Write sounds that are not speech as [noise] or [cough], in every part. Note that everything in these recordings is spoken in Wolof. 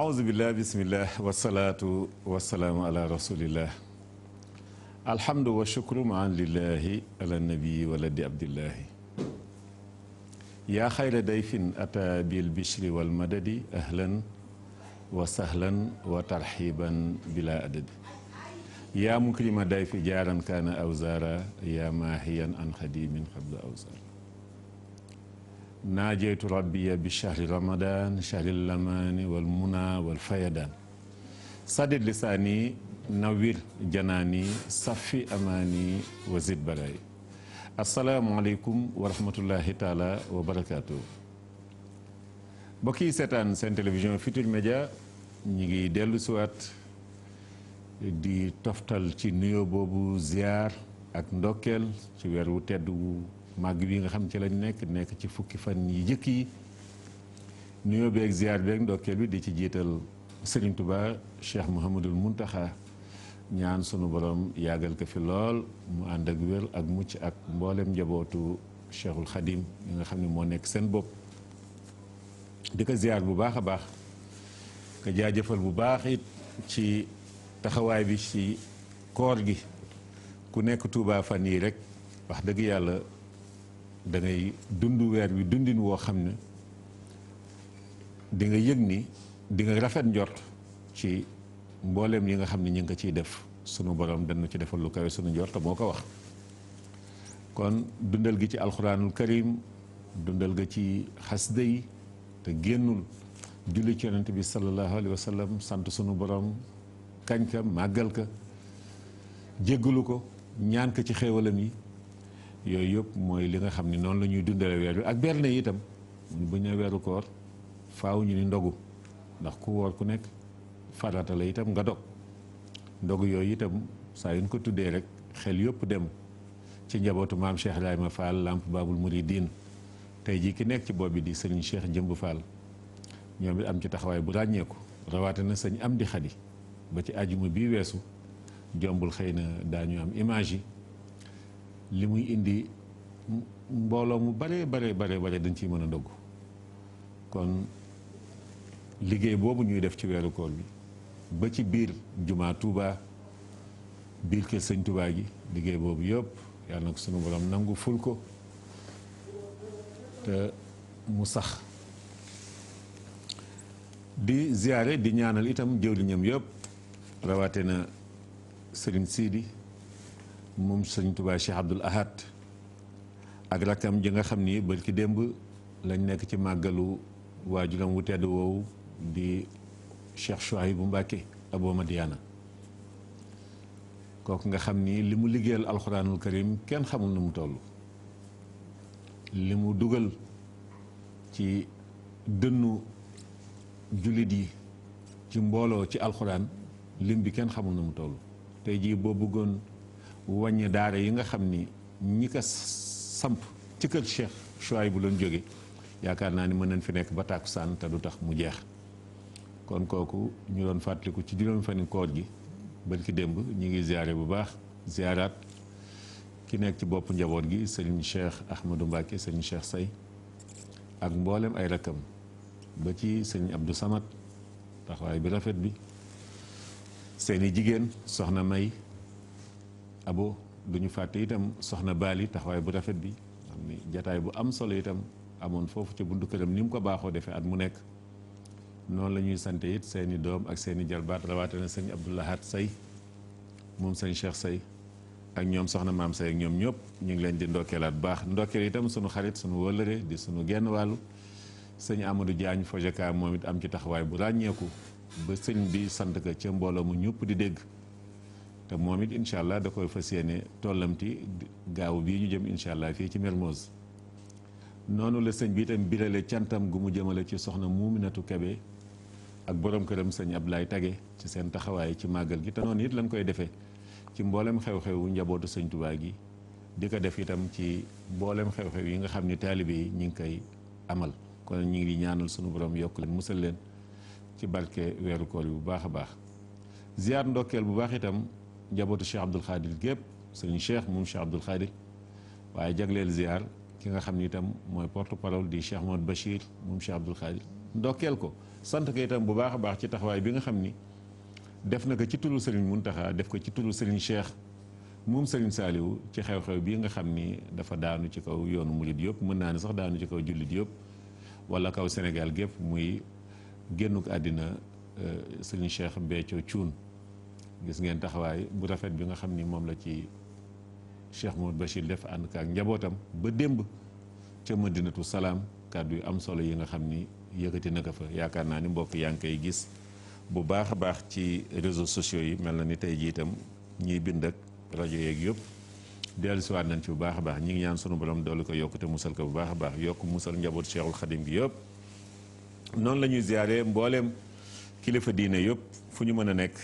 aousubillah bisimillah wasalaatu wasalaamu ala rasulillah alhamdu wa shukru maan lillahi ala nabii waladi abdillahi yaa xayra dayfin ata bil bishri wal madadi ahlan wa sahlan wa tarxiban bila adadi yaa mukrima dayfi jaaran kaana awzara yaa maahiyan an xadimin qabla awzara naajeytu rabbiya bi shahri ramadan shahri lamani wal muna wal fayadan sadid lisaani nawir janaani safi amaani wa zid balaay asalaamualeykum wa rahmatullahi taala wa barakaatu mbokk yi seetaan seen télévision Futurs Médias ñi ngi dellu siwaat di toftal ci nuyoo boobu ziar ak ndokkeel ci weer wu tedd màgg bi nga xam ci lañ nekk nekk ci fukki fan yi jëkk yi nuyoo beeg ziar beeg ndokkeel bi di ci jiital Serigne Touba Cheikh Mouhamadul Muntaxa ñaan sunu boroom yàggal ko fi lool mu ànd ak wér ak mucc ak mboolem njabootu Cheikhul Khadim yi nga xam ni moo nekk seen bopp di ko ziar bu baax a baax ko jaajëfal bu baax it ci taxawaay bi ci koor gi ku nekk Touba fan yii rek wax dëgg yàlla dangay ngay weer wi dundin woo xam ne di nga yëg ni di rafet njort ci mboolem yi nga xam ne ñu ngi ko ciy def sunu borom dana ci defal lu kawe sunu njort moo ko wax kon dundal gi ci alxuraanul karim dundal ga ci xasida yi te génnul julli ci bi sallallahu alayhi wa sant sunu boroom kañ ka màggal ka jéggalu ko ñaan ko ci xéewalam yi yooyu yëpp mooy li nga xam ni noonu la ñuy dundale weer ak berne yi itam bu ñu weeru koor faaw ñu ni ndogu ndax ku woor ku nekk faratala la itam nga dog ndogu yooyu itam saa yu ñu ko tuddee rek xel yëpp dem ci njabootu maam Cheikh Ibrahima Fall Lamp Babul Mouridine tey jii ki nekk ci bopp bi di sëriñ Cheikh Jëmb Fall ñoom it am ci taxawaay bu ràññeeku na sëñ am di xadi ba ci àjjuma bii weesu jombul xëy na daañu am image yi. li muy indi mbooloo mu bare bare bare bare dañ ciy mën a dogg kon liggéey boobu ñuy def ci weeru koor bi ba ci biir jumaa Touba biir kër sëñ Touba gi liggéey boobu yëpp yàlla na ko sunu borom nangu ful ko te mu sax di ziyaare di ñaanal itam jëwliñam yëpp rawaate na sëriñ Sidi moom suñ tubaay Cheikh Abdoul Ahad ak rakkam ji nga xam ni bërki démb lañ nekk ci màggalu waajuram wu tedd woowu di Cheikh bu Mbacké Abou Madiana kooku nga xam ni li mu liggéeyal alxuraanul karim kenn xamul na mu toll li mu dugal ci dënnu jullit yi ci mbooloo ci alxuraan lim bi kenn xamul na mu toll tey jii boo bëggoon wàññi daara yi nga xam ni ñi ko samp ci kër Cheikh Chouaïb bu doon jóge yaakaar naa ni mën nañ fi nekk ba tàkkusaan te du tax mu jeex kon kooku ñu doon fàttaliku ci juróom fani koor gi bërki démb ñu ngi ziare bu baax ziaraat ki nekk ci bopp njaboot gi sëriñ Cheikh Ahmadou Mbacke sëriñ Cheikh Say ak mboolem ay rakkam ba ci sëriñ Abdou Samad taxawaay bi rafet bi seeni jigéen soxna May abo duñu fàtte itam soxna baali taxawaay bu rafet bi jataay bu am solo itam amoon foofu ca buntu këram ni mu ko baaxoo defee at mu nekk noonu la ñuy sante it seeni doom ak seeni jalbaat rawaate na sëñ abdoulahat say moom sëñ cheikh sey ak ñoom soxna maam say ak ñoom ñëpp ñu ngi leen di ndokkeelaat baax ndokkeel itam sunu xarit sunu wëllëre di sunu genn wàllu sëñ amadu jaañ fojeka moom it am ci taxawaay bu ràññeeku ba sëñ bi sant ko ca mbooloo mu ñëpp di dégg te moom it incha allah da koy fas yéene tollamti gaaw bii ñu jëm incha allah fii ci Mermoz noonu la sëñ bi itam birale cantam gu mu jëmale ci soxna Muuminatu Kebe ak borom këram sëñ Ablaay Tage ci seen taxawaay ci màggal gi te noonu it lañ koy defee ci mbooleem xew-xewu njabootu sëñ Tuubaa gi di ko def itam ci mboolem xew-xew yi nga xam ni taalibe yi ñu ngi koy amal kon ñu ngi ñaanal sunu borom yokk leen musal leen ci barke weeru koor yi baax a baax ziar ndokkeel bu baax itam. njabootu Cheikh Abdoul Khadir gépp sëriñ Cheikh moom Cheikh Abdoul Khadir waaye jagleel ziar ki nga xam ni itam mooy porte parole di Cheikh Mohamed Bachir moom Cheikh Abdoul Khadir ndokkeel ko sant ko itam bu baax a baax ci taxawaay bi nga xam ni def na ko ci tullu sëriñ Muntaxa def ko ci tullu sëriñ Cheikh moom sëriñ Saaliw ci xew-xew bii nga xam ni dafa daanu ci kaw yoonu murid yëpp mën naa ne sax daanu ci kaw jullit yëpp wala kaw Sénégal gépp muy génnuk àddina euh, sëriñ Cheikh Béthio Thioune gis ngeen taxawaay bu rafet bi nga xam ni moom la ci Cheikh Mouhamed Bachir def ànd ak njabootam ba démb ca dinatu Salaam kàddu yu am solo yi nga xam ni yëkkati na ko fa yaakaar naa ni mbokk yaa ngi koy gis bu baax a baax ci réseaux sociaux yi mel na ni tey jii itam ñiy bind ak rajo yeeg yëpp dellusiwaat nañ ci bu baax a baax ñi ngi ñaan sunu borom doolu ko yokk te musal ko bu baax a baax yokk musal njaboot Cheikhul xadim bi yëpp noonu la ñuy ziyaare mbooleem kilifa diine yëpp fu ñu mën a nekk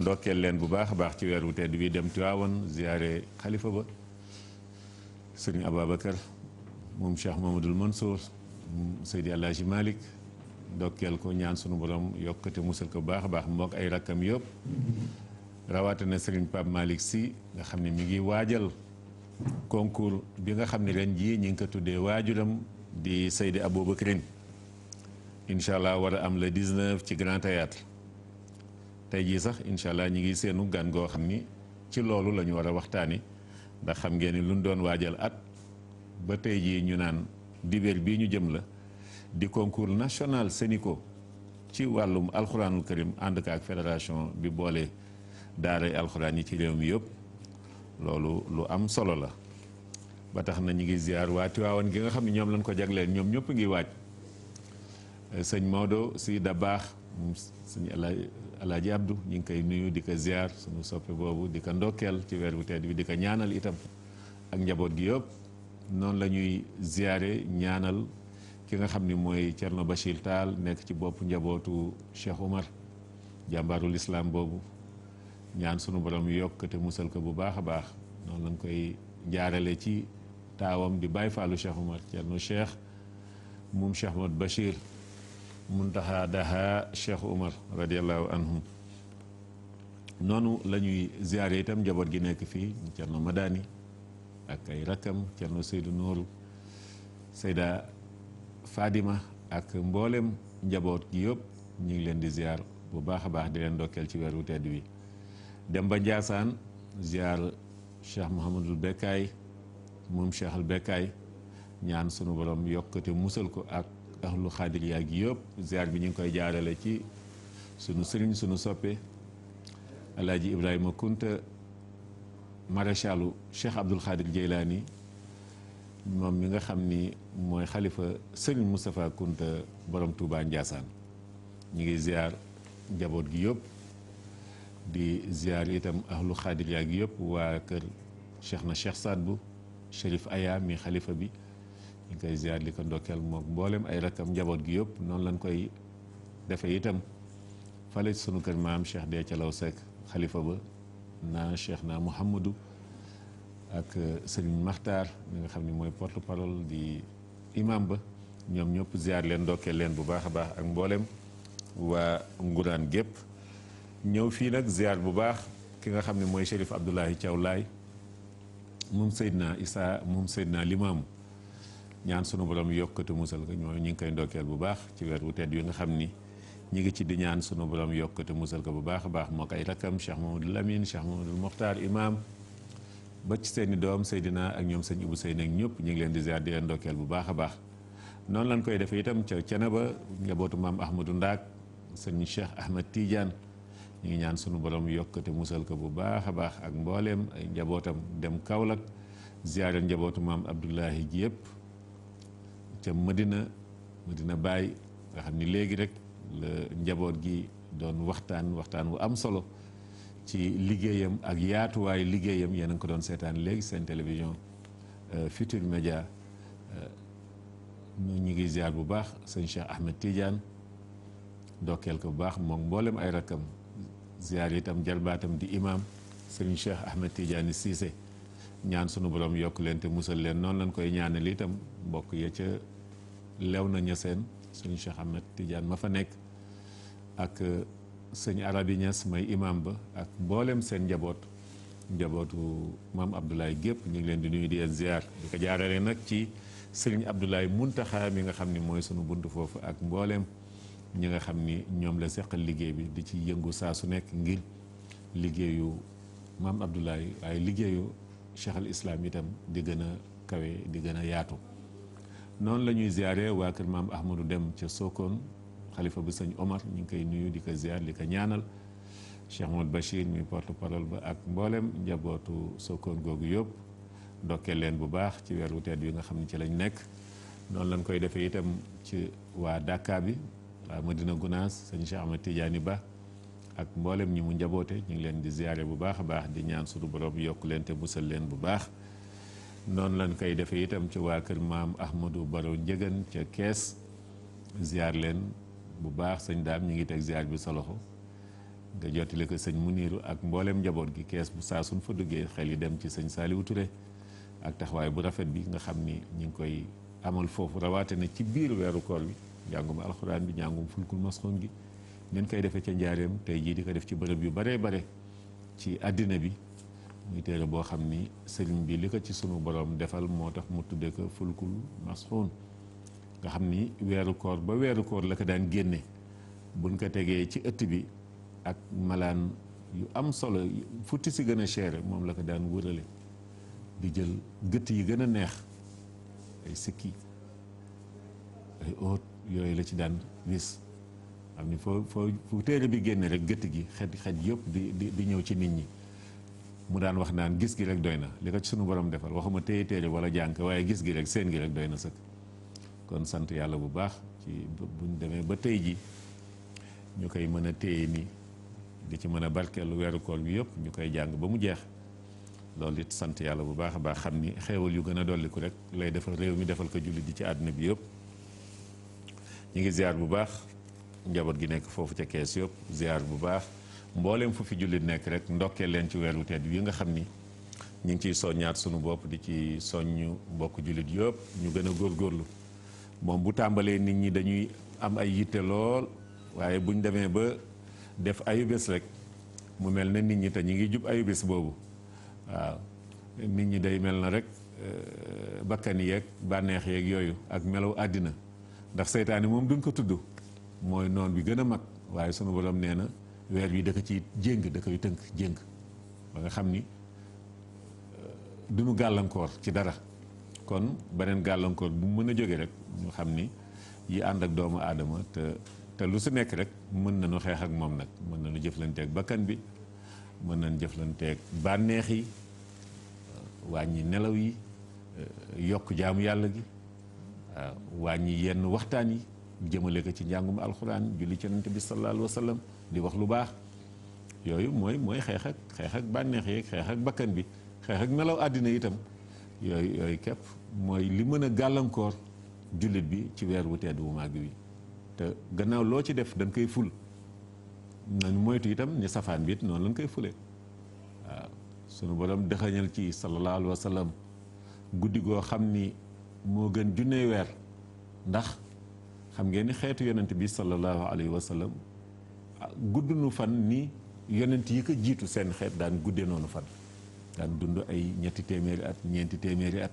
ndokkeel leen bu baax a baax ci weer wu tedd bi dem Tiwaawan ziyaare xalifa ba sëriñ Ababacar moom Cheikh Mamadul Mansour Seydi Alaaji malik ndokkeel ko ñaan sunu borom yokkate musal ko bu baax a baax mook ay rakkam yëpp rawatina sëriñ Pape Malick si nga xam ne mi ngi waajal concours bi nga xam ne ren jii ñi ngi ko tuddee waajuram di Seydi Aboubacrine incha allah wara am le 19 ci Grand Théâtre tey jii sax incha allah ñi ngi seenu gan goo xam ni ci loolu lañu ñu war a waxtaani ndax xam ngeen ni luñ doon waajal at ba tey jii ñu naan dibéer bii ñu jëm la di concours national Senico ci wàllum alxuraanul kërim ànd ak fédération bi boole daaray alxuraan yi ci réew mi yëpp loolu lu am solo la ba tax na ñu ngi ziar waa Tiwaawan gi nga xam ne ñoom lañ ko jagleen ñoom ñëpp ngi waaj eh, sëñ Maodo si da baax alaaji abdou ñu ngi koy nuyu di ko ziar sunu soppe boobu di ko ndokkeel ci weer bu tedd bi di ko ñaanal itam ak njaboot gi yëpp noonu la ñuy ziare ñaanal ki nga xam ni mooy Thierno Bachir taal nekk ci bopp njabootu Cheikh Omar jàmbaarul islam boobu ñaan sunu borom yokk te musal ko bu baax a baax noonu lañ koy jaarale ci taawam di bàyyi faalu Cheikh Omar Thierno Cheikh moom Cheikh Ahmad muntaha daha cheikh Umar radiallahu anhum noonu la ñuy ziare itam njaboot gi nekk fii Thierno Madani ak ay rakkam Thierno Seydou Nooru Seyda Fadima ak mboolem njaboot gi yëpp ñu ngi leen di ziar bu baax a baax di leen ndokkeel ci weeru tedd wi dem ba Ndiassane ziar cheikh Mouhamadul Bekkaay moom cheikh Bekkaay ñaan sunu borom yokkate musal ko ak. ahlu xaadir yaa gi yëpp ziar bi ñu ngi koy jaarale ci sunu sëriñ sunu soppe alaaji ibrahima kunta maréchalu cheikh abdul xaadir jeylaani moom mi nga xam ni mooy xalifa sëriñ moustapha kunta borom tuuba njaasaan ñu ngi ziar jaboot gi yëpp di ziar itam ahlu xaadir yaa gi yëpp waa kër cheikh na cheikh saad bu chérif aya mi xalifa bi ñu koy ziar li ko moom mboolem ay rakkam njaboot gi yëpp noonu lañ koy defee itam fale sunu kër maam Cheikh Dee Calaw Seck xalifa ba naa Cheikh naa Mouhamadou ak euh, sëriñ Maxtaar mi nga xam ne mooy porte parole di ñoom ñëpp ziar leen ndokkeel leen bu baax a baax ak mboolem waa Nguraan gépp ñëw fii nag ziar bu baax ki nga xam ne mooy Chérif Abdoulahi Thiaw Laay moom Seydina Issa moom naa Limaamu ñaan sunu borom yokkatu musal ko ñoo ñu ngi koy ndokkeel bu baax ci weer wu tedd wi nga xam ni ñu ngi ci di ñaan sunu borom yokkatu musal ko bu baax a baax moo koy rakkam Cheikh Mamadou Lamine Cheikh Mamadou Mokhtar imam ba ci seen i doom Seydina ak ñoom sëñ Ibou Seyni ak ñëpp ñu ngi leen di ziar di leen bu baax baax noonu lañ koy defee itam ca Cenaba njabootu maam Ahmadou Ndaak sëñ Cheikh Ahmed Tidiane ñu ngi ñaan sunu borom yokkate musal ko bu baax a baax ak mbooleem ay njabootam dem Kaolack ziare njabootu maam Abdoulahi ji yëpp ca Medina dina Baye nga xam ni léegi rek la njaboot gi doon waxtaan waxtaan wu am solo ci liggéeyam ak yaatuwaayu liggéeyam yéen a ngi ko doon seetaan léegi seen télévision euh, Futur Media euh, ñu ngi ziar bu baax sëñ Cheikh Ahmed Tidiane ndokkeel ko bu baax moom mboolem ay rakkam ziar yitam jalbaatam di imam sëriñ Cheikh Ahmed Tidiane Cissé ñaan sunu borom yokk leen te musal leen noonu lañ koy ñaanal itam mbokk ya ca. lew na ña seen sëñ Cheikh Ahmed Tidiane ma fa nekk ak euh, sëñ Arabi Niass may imam ba ak mbooleem seen njaboot njabootu maam Abdoulaye gépp ñu ngi leen di nuyu di leen ziar di ko jaarale nag ci sëriñ Abdoulaye Muntaxa mi nga xam ni mooy sunu buntu foofu ak mbooleem ñi nga xam ni ñoom la seqal liggéey bi di ci yëngu saa su nekk ngir liggéeyu maam Abdoulaye waaye liggéeyu Cheikh islaam itam di gën a kawe di gën a yaatu. noonu la ñuy ziare waa kër maam Ahmadou Dem ca Sokone xalifa bi sëñ Omar ñu ngi koy nuyu di ko ziar di ko ñaanal Cheikh Modou Bachir mi porte parole ba ak mbooleem njabootu Sokone googu yëpp dokkeel leen bu baax ci weer wu tedd yi nga xam ne ci lañ nekk. noonu lañ koy defee itam ci waa Dakar bi waa Madina Gounass sëñ Cheikh Ahmed Tidiane Ba ak mboolem ñi mu njaboote ñu ngi leen di ziare bu baax a baax di ñaan suñu borom yokk leen te musal leen bu baax. noonu lañ koy defee itam ci waa kër maam Ahmadou Baro Njëgën ca kees ziar leen bu baax sañ daam ñu ngi teg ziar bi sa loxo nga jottali ko sëñ Muniiru ak mboolem njaboot gi kees bu saa suñ fa duggee xel yi dem ci sañ Saliou Touré ak taxawaay bu rafet bi nga xam ni ñu ngi koy amal foofu rawaate na ci biir weeru koor bi njàngum alxuraan bi njàngum fulkul masxoon gi ngeen koy defee ca njaareem tey jii di ko def ci bërëb yu baree bare ci àddina bi muy téere boo xam ni sëriñ bi li ko ci sunu boroom defal moo tax mu tudde ko fulkul masxuun nga xam ni weeru koor ba weeru koor la ko daan génne buñ ko tegee ci ëtt bi ak malaan yu am solo futti si gën a chére moom la ko daan wërale di jël gëtt yi gën a neex ay sikki ay óot yooyu la ci daan wis xam ni foo foo fu téere bi génne rek gëtt gi xet xet yëpp di di di ñëw ci nit ñi mu daan wax naan gis gi rek doy na li ko ci sunu borom defal waxuma téye téere wala jànk waaye gis gi rek seen gi rek doy na sëkk kon sant yàlla bu baax ci buñ demee ba tey ji ñu koy mën a téye nii di ci mën a lu weeru koor bi yëpp ñu koy jàng ba mu jeex loolu it sant yàlla bu baax a baax xam ni xéewal yu gën a dolliku rek lay defal réew mi defal ko jullit di ci àddina bi yëpp ñu ngi ziar bu baax njaboot gi nekk foofu ca kees yëpp ziar bu baax mbooleem fu fi jullit nekk rek ndokkee leen ci weeru tedd wi nga xam ni ñu ngi ciy soññaat sunu bopp di ci soññ bokk jullit yëpp ñu gën a góor góorlu moom bu tàmbalee nit ñi dañuy am ay yitte lool waaye buñ demee ba def ayubés rek mu mel ne nit ñi te ñu ngi jub bés boobu waaw nit ñi day mel na rek euh, bakkan yeeg bànneex yeeg yooyu ak melow àddina ndax seytaane moom duñ ko tudd mooy noon bi gën a mag waaye sunu borom nee na weer wi da ko ci jéng da koy tënk jéng ba nga xam ni euh, duñu gàllankoor ci dara kon beneen gàllankoor bu mën a jóge rek ñu xam ni yi ànd ak doomu aadama te te lu su nekk rek mën nañu xeex ak moom nag mën nañu jëflanteeg bakkan bi mën nañu jëflanteeg bànneex yi euh, wàññi nelaw yi euh, yokk jaamu yàlla gi waaw wàññi yenn waxtaan yi jëmale ko ci njàngum alxuraan julli ci yonent bi sallallahu alayhi wa di wax lu baax yooyu mooy mooy xeex ak xeex ak bànneex yeeg xeex ak bakkan bi xeex ak nelaw àddina itam yooyu yooyu kepp mooy li mën a gàllankoor jullit bi ci weer wu tedd bu màgg bi te gannaaw loo ci def dañ koy ful nañ moytu itam ñu safaan bi noonu lañ koy fule waaw sunu borom dëxañal ci sallallahu alayhi wa guddi goo xam ni moo gën junne weer ndax xam ngeen ni xeetu yonent bi sallallahu alayhi wa sallam gudd nu fan ni yonent yi ko jiitu seen xeet daan guddee noonu fan daan dund ay ñetti téeméeri at ñeenti téeméeri at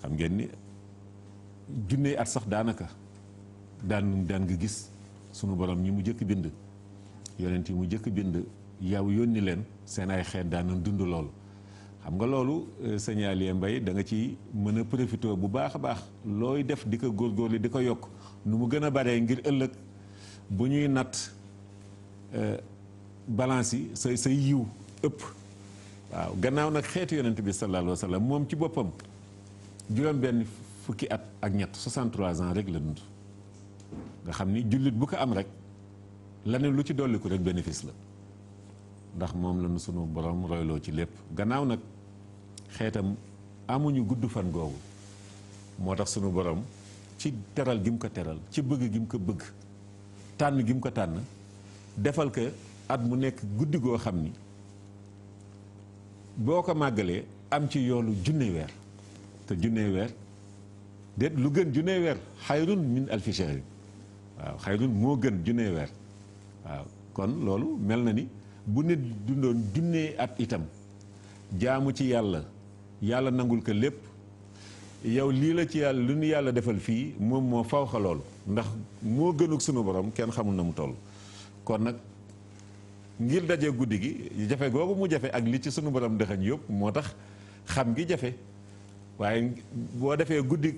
xam ngeen ni junne at sax daanaka daan daan nga gis sunu borom ñi mu jëkk bind yonent yi mu jëkk bind yow yónni leen seen ay xeet daan dund loolu xam nga loolu euh, sëñ Aliou mbay da nga ci mën a profité bu baax a baax looy def di ko góor góorli di ko yokk nu mu gën a baree ngir ëllëg bu ñuy natt euh, balance yi say say yiw ëpp waaw gannaaw nag xeetu yonent bi sallallahu alayhi wa moom ci boppam juróom benn fukki at ak ñett 63 ans rek la dund nga xam ni jullit bu ko am rek laneen lu ci dolliku rek bénéfice la ndax moom la nu sunu borom royloo ci lépp gannaaw nag xeetam amuñu gudd fan googu moo tax sunu borom ci teral gi mu ko teral ci bëgg gi mu ko bëgg tànn gi mu ko tànn defal ko at mu nekk guddi goo xam ni boo ko màggalee am ci yoolu junne weer te junne weer déet lu gën junne weer xayrun min alfi shahrin waaw xayrun moo gën junne weer waaw kon loolu mel na ni bu nit dundoon junne at itam jaamu ci yàlla yàlla nangul ko lépp yow lii la ci yàlla lu nu yàlla defal fii moom moo faw xa loolu ndax moo gënul sunu borom kenn xamul na mu toll kon nag ngir daje guddi gi jafe googu mu jafe ak li ci sunu borom dëxañ yëpp moo tax xam gi jafe waaye boo defee guddi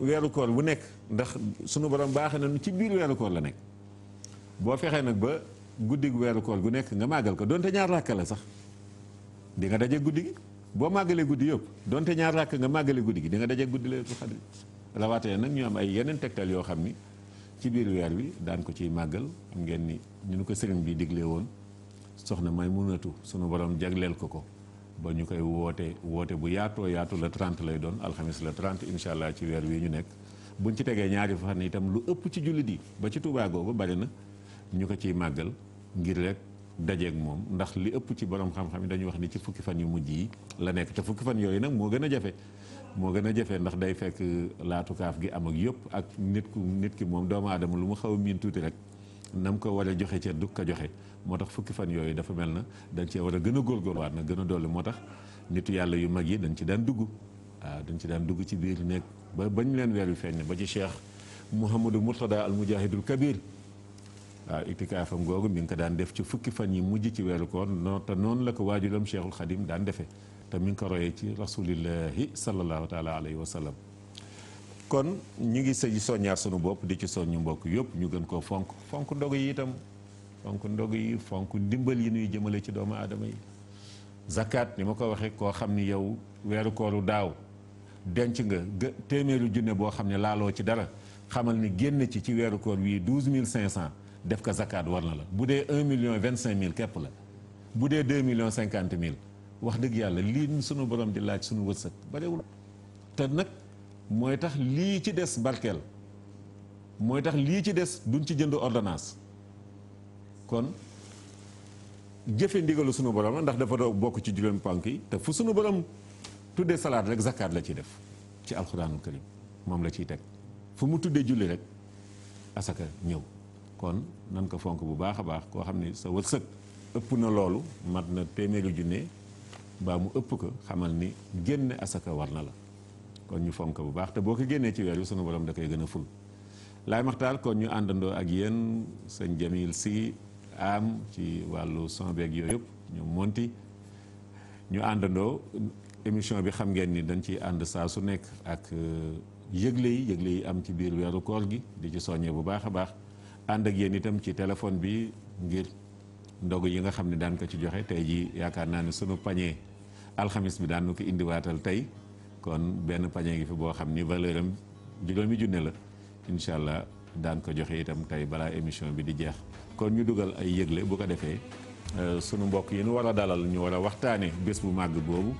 weeru koor bu nekk ndax sunu borom baaxe na ci biir weeru koor la nekk boo fexee nag ba guddi weeru koor gu nekk nga màggal ko doonte ñaar ràkka la sax di nga daje guddi gi boo màggalee guddi yëpp donte ñaar ràkk nga màggale guddi gi dinga nga daje guddi laylatul xadri rawatina nag ñu am ay yeneen tegtal yoo xam ni ci biir weer wi daan ko ciy màggal ngeen ni ñu nu ko sëriñ bi diglee woon soxna may munatu sunu borom jagleel ko ko ba ñu koy woote woote bu yaatoo yaatu la 30 lay doon alxamis la 30 incha allah ci weer wi ñu nekk buñ ci tegee ñaari fan itam lu ëpp ci jullit yi ba ci Tuubaa googu bari na ñu ko ciy màggal ngir rek dajeek moom ndax li ëpp ci borom xam-xam yi dañuy wax ni ci fukki fan yu mujj yi la nekk te fukki fan yooyu nag moo gën a jafe moo gën a jafe ndax day fekk laatu kaaf gi am ak yëpp ak nit ku nit ki moom doomu aadama lu mu xaw a miin tuuti rek nam ko war a joxe ca du ko joxe moo tax fukki fan yooyu dafa mel na dañ cee war a gën a góorgóorluwaat na gën a dolli moo tax nitu yàlla yu mag yi dañ ci daan dugg waaw dañ ci daan dugg ci biir nekk ba bañ leen weer yu feeñ ba ci cheikh mouhamadou mourtada al mujahidul kabir waaw euh, itikaafam googu mi ngi ko daan def ci fukki fan yi mujj ci weeru koor noonu te noonu la ko waajuram Cheikhul Xadim daan defee te mi ngi ko royee ci rasulillahi sallallahu taala alayhi wa sallam kon ñu ngi sëy soññaar sunu bopp di ci soññu mbokk yëpp ñu gën koo fonk fonk ndog yi itam fonk ndog yi fonk ndimbal yi nuy jëmale ci doomu aadama yi zakat ni ma ko waxee koo xam ni yow weeru kooru daaw denc nga téeméeru junne boo xam ne laaloo ci dara xamal ni génn ci ci weeru koor wii douze mille cinq cent def ko zakaat war na la bu dee un million vingt cinq mille képp la bu dee deux millions cinquante mille wax dëgg yàlla lii sunu borom di laaj sunu wërsëg barewul te nag mooy tax lii ci des barkeel mooy tax lii ci des duñ ci jënd ordonnance kon jëfe ndigalu sunu borom la ndax dafa doo bokk ci juróomi pank yi te fu sunu borom tuddee salaat rek zakaat la ci def ci alxuraanul karim moom la ciy teg fu mu tuddee julli rek asaka ñëw kon nan ko fonk bu baax a baax koo xam ne sa wërsëg ëpp na loolu mat na téeméeri junné mbaa mu ëpp ko xamal ni génn asaka war na la kon ñu fonk bu baax te boo ko génnee ci weer wi sunu borom da koy gën a ful laay maxtaar kon ñu àndandoo ak yéen sëñ Jamil si am ci wàllu son beeg yooyu yëpp ñu monti ñu àndandoo émission bi xam ngeen ni dañ ciy ànd saa su nekk ak euh, yëgle yi yëgle yi am ci biir weeru koor gi di ci soññee bu baax a baax ànd ak yéen itam ci téléphone bi ngir ndogu yi nga xam ne daan ko ci joxe tey ji yaakaar naa ne sunu pañe alxamis bi daan na ko indiwaatal tey kon benn pañe ngi fi boo xam ni valeur am juróomi junne la incha allah daan ko joxe itam tey balaa émission bi di jeex kon ñu dugal ay yëgle bu ko defee euh, sunu mbokk yi nu war a dalal ñu war a waxtaane bés bu màgg boobu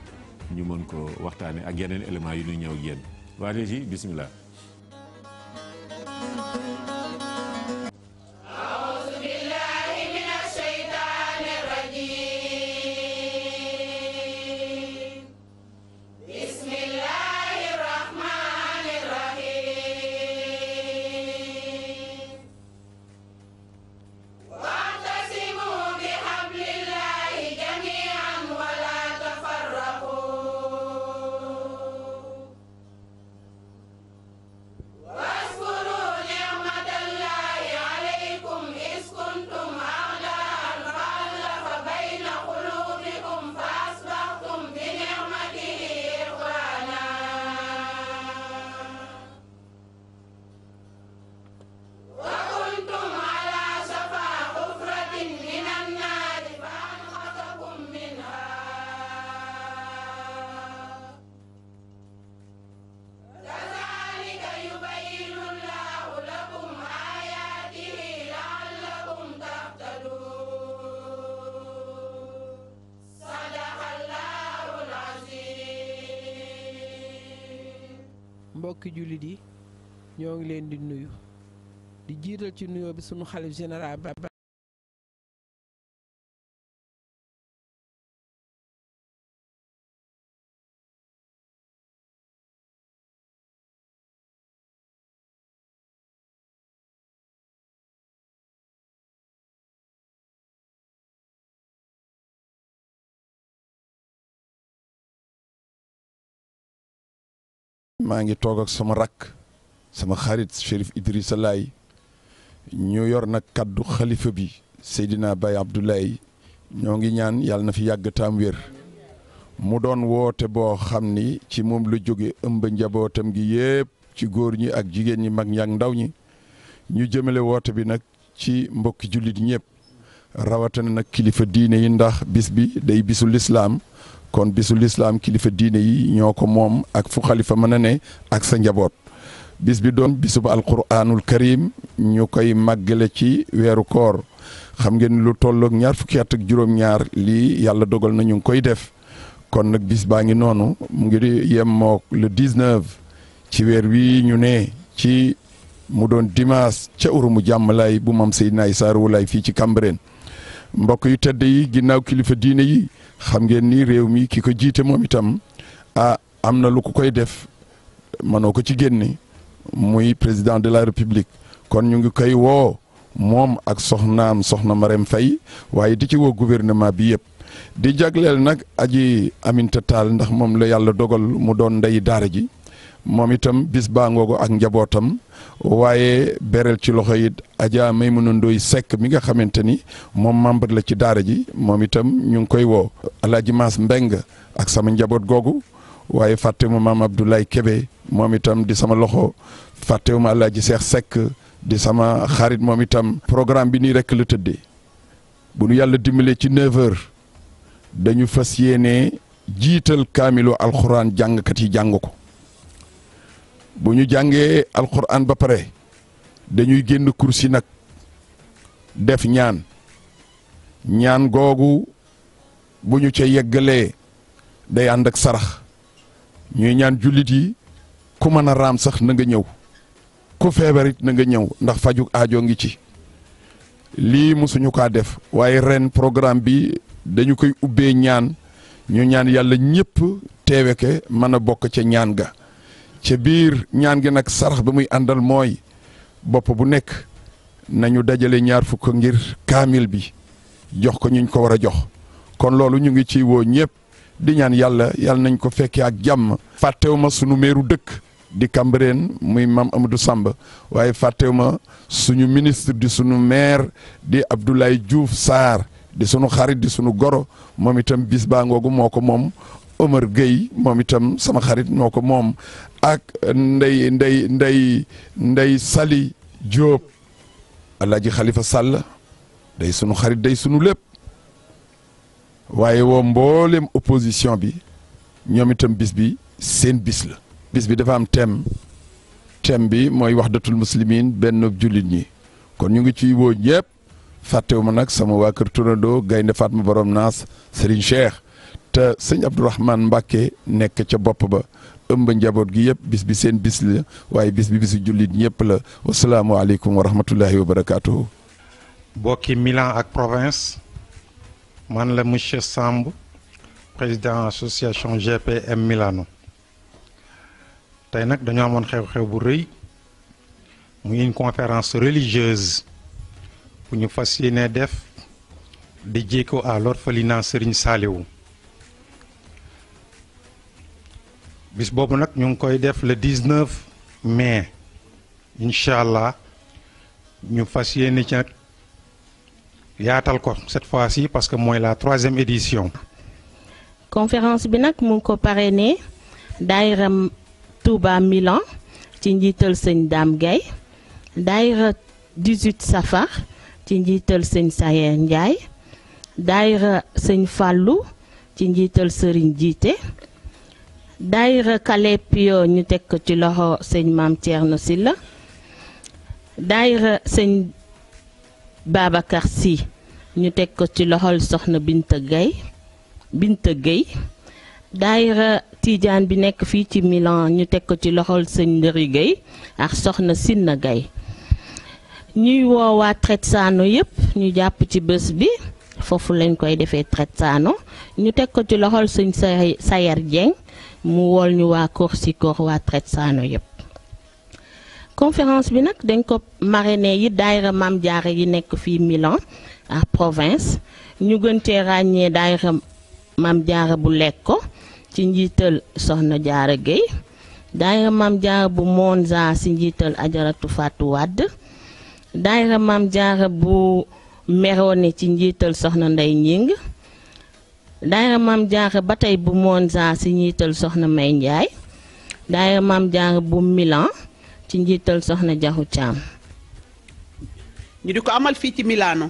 ñu mën ko waxtaane ak yeneen éléments yu ñuy ñëw ak waa régie bismillah mbokki jullit yi ñoo ngi leen di nuyu di jiital ci nuyoo bi sunu xalif général ba maa ngi toog ak sama rakk sama xarit Chérif Idrissa Laye ñu yor nag kàddu xalifa bi Seydina Baye Abdoulaye ñoo ngi ñaan yàlla na fi yàgg taam mu doon woote boo xam ni ci moom lu jóge ëmb njabootam gi yépp ci góor ñi ak jigéen ñi mag ñi ak ndaw ñi ñu jëmale woote bi nag ci mbokki jullit ñépp rawatana nag kilifa diine yi ndax bis bi day bisu lislaam kon bisu lislaam kilifa diine yi ñoo ko moom ak fu xalifa mën a ne ak sa njaboot bis bi doon bisub alquranul karim ñu koy màggale ci weeru koor xam ngeen lu tollook ñaar fukki at juróom-ñaar lii yàlla dogal na ñu ngi koy def kon nag bis baa ngi noonu mu ngi yem moo le 19 ci weer wii ñu ne ci mu doon dimanche ca urumu jàmm lay bu mam Seydina Issa Rouhou fii ci Cambérène mbokk yu tedd yi ginnaaw kilifa diine yi xam ngeen ni réew mi ki ko jiite moom itam ah am na lu ko koy def mënoo ko ci génne muy président de la république kon ñu ngi koy woo moom ak soxnaam soxna Marème fay waaye di ci woo gouvernement bi yëpp di jagleel nag aji Aminata Tall ndax moom la yàlla dogal mu doon ndey daara ji moom itam bis baa ngoogu ak njabootam. waaye beral ci loxo yit it may Maymuna Ndoy sekk mi nga xamante ni moom membre la ci daara ji moom itam ñu ngi koy woo Alaaji Maas Mbeng ak sama njaboot googu waaye fàttewuma maam Abdoulaye Kébé moom itam di sama loxo fàttewuma Alaaji Seex Seck di sama xarit moom itam programme bi nii rek la tëddee bu nu yàlla dimbalee ci 9h dañu fas yéene jiital kaamilu alxuraan jàngkat yi jàng ko bu ñu jàngee alxuraan ba pare dañuy génn kursi nag def ñaan ñaan googu bu ñu ca yeggalee day ànd ak sarax ñuy ñaan jullit yi ku mën a raam sax na nga ñëw ku feebar it na nga ñëw ndax faju aajo ngi ci lii mosuñu kaa def waaye ren programme bi dañu koy ubbee ñaan ñu ñaan yàlla ñëpp teewe ke mën a bokk ca ñaan ga ca biir ñaan gi nag sarax bi muy àndal mooy bopp bu nekk nañu dajale ñaar fukk ngir kaamil bi jox ko ñuñ ko war a jox kon loolu ñu ngi ciy woo ñëpp di ñaan yàlla yàlla nañ ko fekkee ak jàmm. fàttewuma sunu meeru dëkk di kambren muy mam Amadou Samba waaye fàttewuma suñu ministre di suñu maire di Abdoulaye Diouf saar di sunu xarit di sunu goro moom itam bis baa ngoogu moo ko moom Omar Gueye moom itam sama xarit moo ko moom ak nday nday nday ndey Sali Diop Alaaji Xalifa Sàll day sunu xarit day sunu lépp waaye woo mbooleem opposition bi ñoom itam bis bi seen bis la bis bi dafa am thème thème bi mooy wax waxdatul muslimin benn jullit ñi kon ñu ngi ciy woo ñëpp fàttewu ma nag sama waa kër turandoo gaynde Fatma borom naas Serigne Cheikh te sëñ Abdourahman Mbacke nekk ca bopp ba ëmb njaboot gi yëpp bis bi seen bis la waaye bis bi bisu jullit ñëpp la wasalaamualeykum wa rahmatullahi wa barakaatuhu. bokki Milan ak province man la monsieur Samb président association GPM Milano tey nag dañoo amoon xew-xew bu rëy mu une conférence religieuse bu ñu fas yéene def di jéego à l'orphelinat Serigne Saliou bis boobu nag ñu ngi koy def le 19 mai incha allah ñu fas yéene ci nag yaatal ko cette fois-ci parce que mooy la troisième édition. conférence bi nag mu ngi ko parrainé daayira Touba Milan ci njiital sëñ Dame Guèye daayira 18 Safar ci njiital sëñ Sayer Ndiaye daayira sëñ Fallou ci njiital sëriñ Jiite. daayira Kalep yoo ñu teg ko ci loxo sëñ maam Thierno Sylla daayira sëñ Babacar Sy ñu teg ko ci loxol soxna Binta Gueye Binta Gueye daayira Tidiane bi nekk fii ci Milan ñu teg ko ci loxol sëñ Ndëri gay ak soxna Sinna gay ñuy woowaa traite saano yëpp ñu jàpp ci bés bi foofu lañ koy defee traite ñu teg ko ci loxol sëñ Sayar Dieng mu wool ñu waa Korsikoor waa traite saano yëpp conférence bi nag dañ ko marraine yi daayira Maam Jaara yi nekk fii Milan à province ñu gën cee ràññee daayira Maam Jaara bu Lecco ci njiital Soxna Jaara Gueye daayira Maam Jaara bu Monza ci njiital Ajaratu Fatou Wade daayira Maam Jaara bu Merone ci njiital Soxna Ndey Ñing daayira maam jaara ba tey bu Monza si njiital soxna May Njaay daayira maam jaara bu ci njiital soxna Jaxu Caam ñu di ko amal fii ci Milano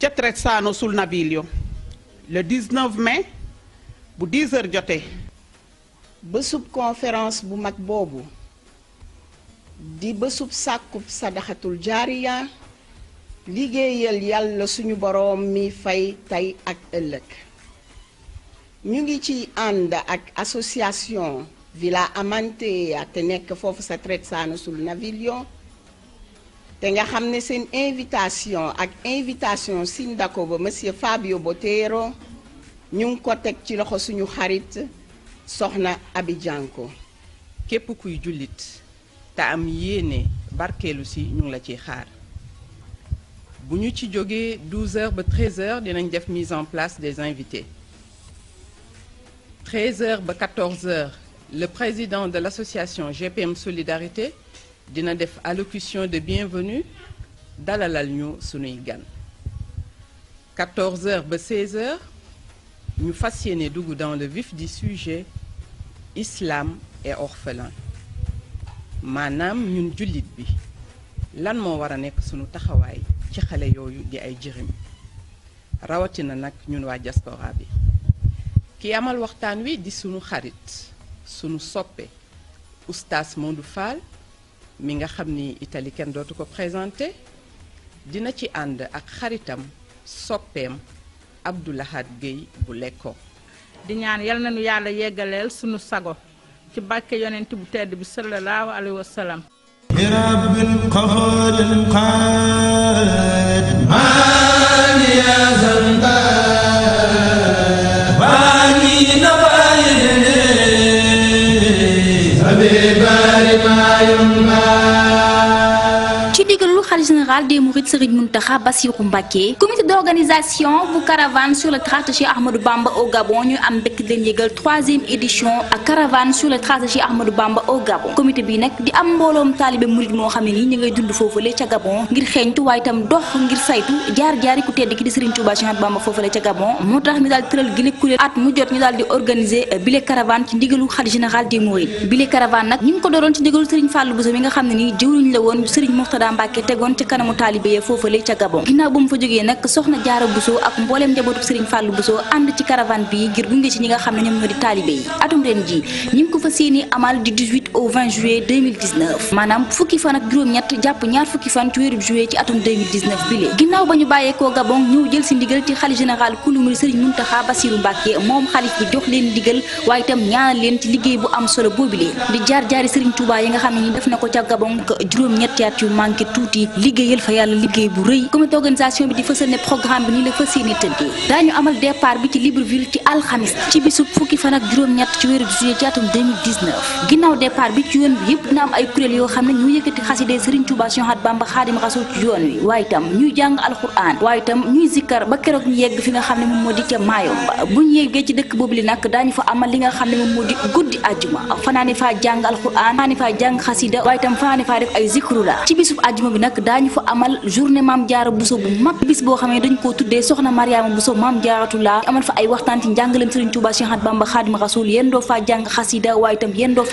ca saano sul Naviglio le 19 bu 10 heures jotee bésub conférence bu mag boobu di bésub sàkkub sadaxatul jaariya liggéeyal yàlla suñu boroom mi fay tay ak ëllëg ñu ngi ci ànd ak association Villa Amantea te nekk foofu sa Trezzano sul Naviglio te nga xam ne seen invitation ak invitation sindako ba monsieur Fabio Botero ñu ngi ko teg ci loxo suñu xarit soxna Abi Janko képp kuy jullit te am yéene barkeelu si ñu la ciy xaar bu ñu ci jógee 12 heures ba 13 heures dinañ def mise en place des invités 13 ba 14 heures le président de l'association GPM Solidarité dina def allocution de bienvenue dalalal ñu sunuy gan 14 heures ba 16 heures ñu fas yéene dugg dans le vif du sujet islam et orphelin maanaam ñun jullit bi lan moo war a nekk sunu taxawaay ci xale yooyu di ay jirim rawatina nag ñun waa diaspora bi ki amal waxtaan wi di sunu xarit sunu soppe oustaz Modou Fall mi nga xam ni Italie kenn dootu ko présenté dina ci ànd ak xaritam soppeem Abdoulahad Guèye bu lekkoo di ñaan yal nañu yàlla yeggaleel sunu sago ci barke yonent bu tedd bi sallallahu alayhi wa برب قفر قاد مان يا زندان باني نبايل سبي بار ما ينبغي xalif général des mourides Serigne Mountakha Bassirou Mbacké comité d'organisation bu caravane sur le trajet Cheikh Ahmadou Bamba au Gabon ñu am mbégte leen yëgal troisième édition ak caravane sur le trajet Cheikh Ahmadou Bamba au Gabon comité bi nag di am mbooloom taalibe murid moo xam ne nii ñu ngay dund foofule ca Gabon ngir xeeñtu waaye itam dox ngir saytu jaar-jaari ku tedd ki di Serigne Touba Cheikh Ahmadou Bamba foofule ca daal tëral gi kuréel at mu jot ñu daal di organiser euh, bile caravane ci woon ci kanamu taalibe ya foofale ca Gabon ginnaaw bu mu fa jógee nag soxna Jaara Bousso ak mbooleem njabootu Serigne Fallou Bousso ànd ci caravane bi ngir gunge ci ñi nga xam ne ñoom ñoo di taalibe yi moom xalif bi jox leen ndigal waaye itam ñaanal leen ci liggéey bu am solo boobilee di jaar jaari Serigne Touba nga xam ne def na ko ca Gabon juróom-ñetti at yu manqué tuuti liggéeyal fa yàlla liggéey bu rëy comité organisation bi di fësal ne programme bi nii la fas yéene tëddee daañu amal départ bi ci Libreville ci alxamis ci bisu fukki fan ak juróom-ñett ci wéeru juillet ajuma fanaane faa jàng alxuraan fanaane faa jàng xasida waaye itam fanaane faa def ay zikrula ci bisub ajuma bi nag daañu fa amal journée maam ne dañ koo tuddee soxna Mariama Bousso maam jaaratulaa amal fa ay waxtaan ci njàngaleem Serigne Touba Cheikh Ahmadou Bamba Xaadimu Rasuul yéen doo faa jàng xasida waaye itam yéen doo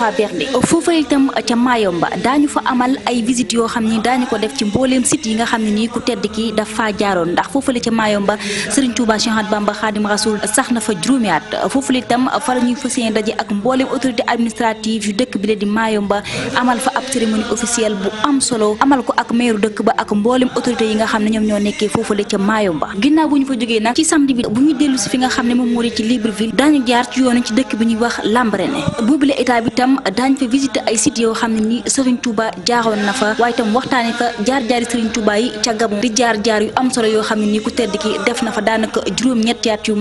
fa amal ay visite yoo xam ni daañu ko def ci mbooleem site yi nga xam ne nii ku tedd ki daf faa jaaroon ndax foofale ca Mayomba Serigne Touba Cheikh Ahmadou Bamba Xaadimu Rasuul sax na fa juróomi at foofale itam fa la ñuy fas yéene daje ak mbooleem autorité administrative yu dëkk bi le di Mayomba amal fa ab cérémonie officielle bu am solo amal ko ak maire dëkk ba ak mboolem autorité yi nga xam ne ñoom ñoo nekkee foofale ca Mayumba ginnaaw bu ñu fa jógee nag ci samedi bi bu ñu dellu fi nga xam ne moom moo di ci Libreville daañu jaar ci yoonu ci dëkk bi ñuy wax Lambaréné boobu la état bi tam daañ fa visiter ay sites yoo xam ne ni Serigne Touba jaaroon na fa waaye tam waxtaane fa jaar-jaari Serigne Touba yi ca Gabon di jaar-jaar yu am solo yoo xam ne ni ku tedd ki def na fa daanaka juróom-ñetti at yu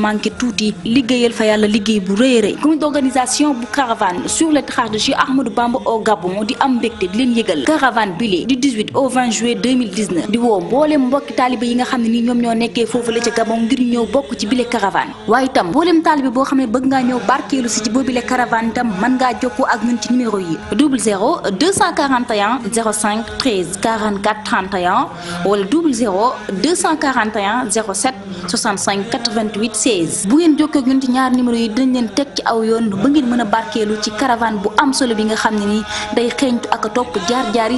a 2019 di woo mbooleem mbokki taalibe yi nga xam ne ni ñoom ñoo nekkee foofu la ca Gabon ngir ñëw bokk ci bile caravane waaye itam mbooleem taalibe boo xam ne bëgg ngaa ñëw barkeelu si ci boobile caravane itam mën ngaa jokkoo ak ñun ci numéro yi 00 yi dinañ leen teg ci aw yoon ba ngeen mën a barkeelu ci caravane bu am solo bi nga xam ne ni day xeeñtu ak a topp jaar jaar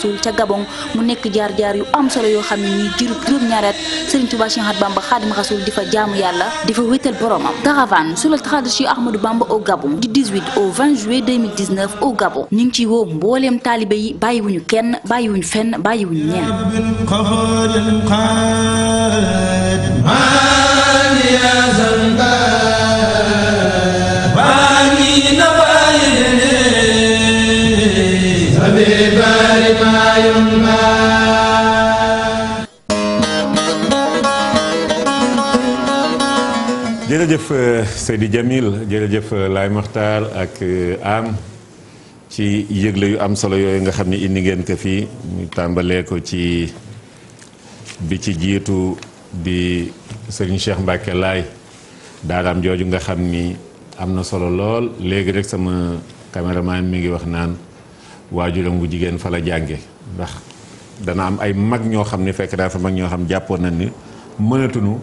ca Gabon mu nekk jaar-jaar yu am solo yoo xam ne nii juróom juróom-ñaari at Serigne Touba Cheikh Ahmadou Bamba Khadim Rasoul di fa jaamu yàlla di fa wétal boromam. Caravane sur le trajet de Cheikh Ahmadou Bamba au Gabon du 18 au 20 juillet 2019 au Gabon ñu ngi ciy woo mbooleem taalibe yi bàyyiwuñu kenn bàyyiwuñu fenn bàyyiwuñu ñenn. jërëjëf euh, Seydi Jamil jërëjëf euh, Laay Maxtaar ak euh, Am ci yëgle yu am solo yooyu nga xam ni indi ngeen ko fii ñu tàmbalee ko ci bi ci jiitu bi Serigne Cheikh Mbacke Laay daaraam jooju nga xam ni am na solo lool léegi rek sama caméraman mi ngi wax naan waajuram bu jigéen fa la jànge ndax dana am ay mag ñoo xam ni fekk daa fa mag ñoo xam jàppoon nañ ni mënatunu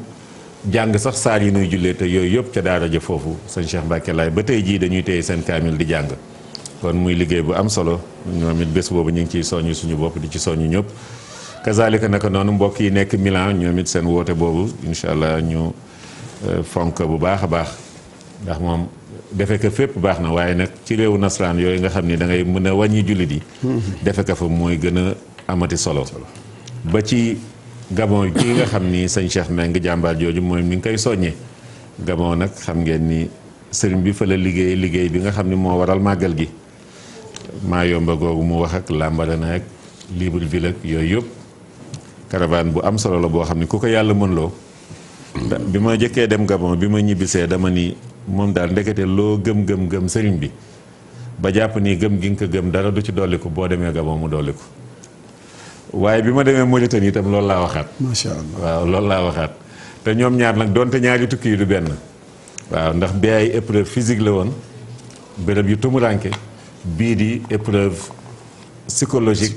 jàng sax saar yi nuy jullee te yooyu yëpp ca daara ja foofu sëñ Cheikh Mbacke laay ba tey jii dañuy téye seen kaamil di jàng kon muy liggéey bu am solo ñoom it bés boobu ñu ngi ciy soññu suñu bopp di ci soññu ñëpp kazalika naka noonu mbokk yi nekk Milan ñoom it seen woote boobu incha allah ñu euh, fonk bu baax a baax ndax moom defe ko fépp baax na waaye nag ci réewu nasaraan yooyu nga xam ni da ngay mën a wàññi jullit yi hmm. defe ko fa mooy gën a amati solo ba gabon gii nga xam ni sëñ Cheikh Mbengue jàmbaar jooju mooy mi ngi koy soññee gabon nag xam ngeen ni sëriñ bi fa la liggéey liggéey bi nga xam ni moo waral màggal gi maa yomba googu mu wax ak Lambaréné ak Libreville ak yooyu yëpp caravane bu am solo la boo xam ni ku ko yàlla mën loo bi ma jëkkee dem gabon bi ma ñibbisee dama ni moom daal ndekete loo gëm gëm gëm sëriñ bi ba jàpp nii gëm gi nga ko gëm dara du ci dolliku boo demee gabon mu dolliku waaye bi ma demee Mauritanie itam loolu laa waxaat. macha allah waaw loolu laa waxaat. te ñoom ñaar nag donte ñaari tukki yi du benn. waaw ndax bi ay épreuve physique la woon béréb yu tumuranke bii di épreuve psychologique.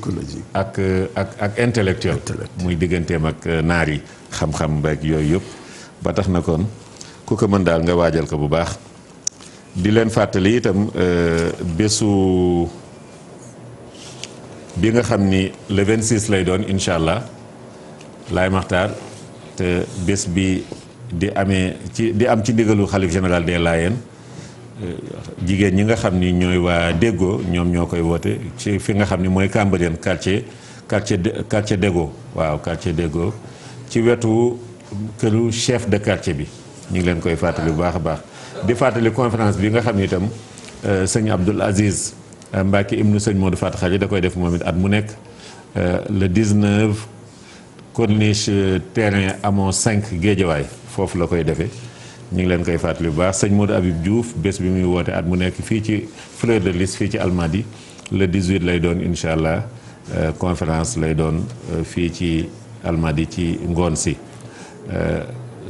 ak ak ak intellectuel muy digganteem ak euh, naar yi. xam-xam beeg yooyu yëpp ba tax na kon ku ko mën daal nga waajal ko bu baax di leen fàttali itam euh, bésu. bi nga xam ni le 26 lay doon incha allah laay maxtaar te bés bi di amee ci di am ci ndigalu xalif général des Layènes euh, jigéen ñi nga xam ni ñooy waa déggoo ñoom ñoo koy woote ci fi nga xam ni mooy Cambérène quartier quartier quartier déggoo waaw quartier déggoo ci wetu këru chef de quartier bi ñu ngi leen koy fàttali bu baax a baax di fàttali conférence bi nga xam ni itam euh, sëñ Abdoul Aziz Mbacke ibnu sëñ Modou Fatou Khali da koy def moom it at mu nekk euh, le 19 corniche euh, terrain amoo cinq géejawaay foofu la koy defee ñu ngi leen koy fàttali bu baax sëñ Modou Habib Diouf bés bi muy woote at mu nekk fii ci Fleur de Lys fii ci Almadi le 18 lay doon incha allah euh, conférence lay doon fii ci Almadi ci ngoon si.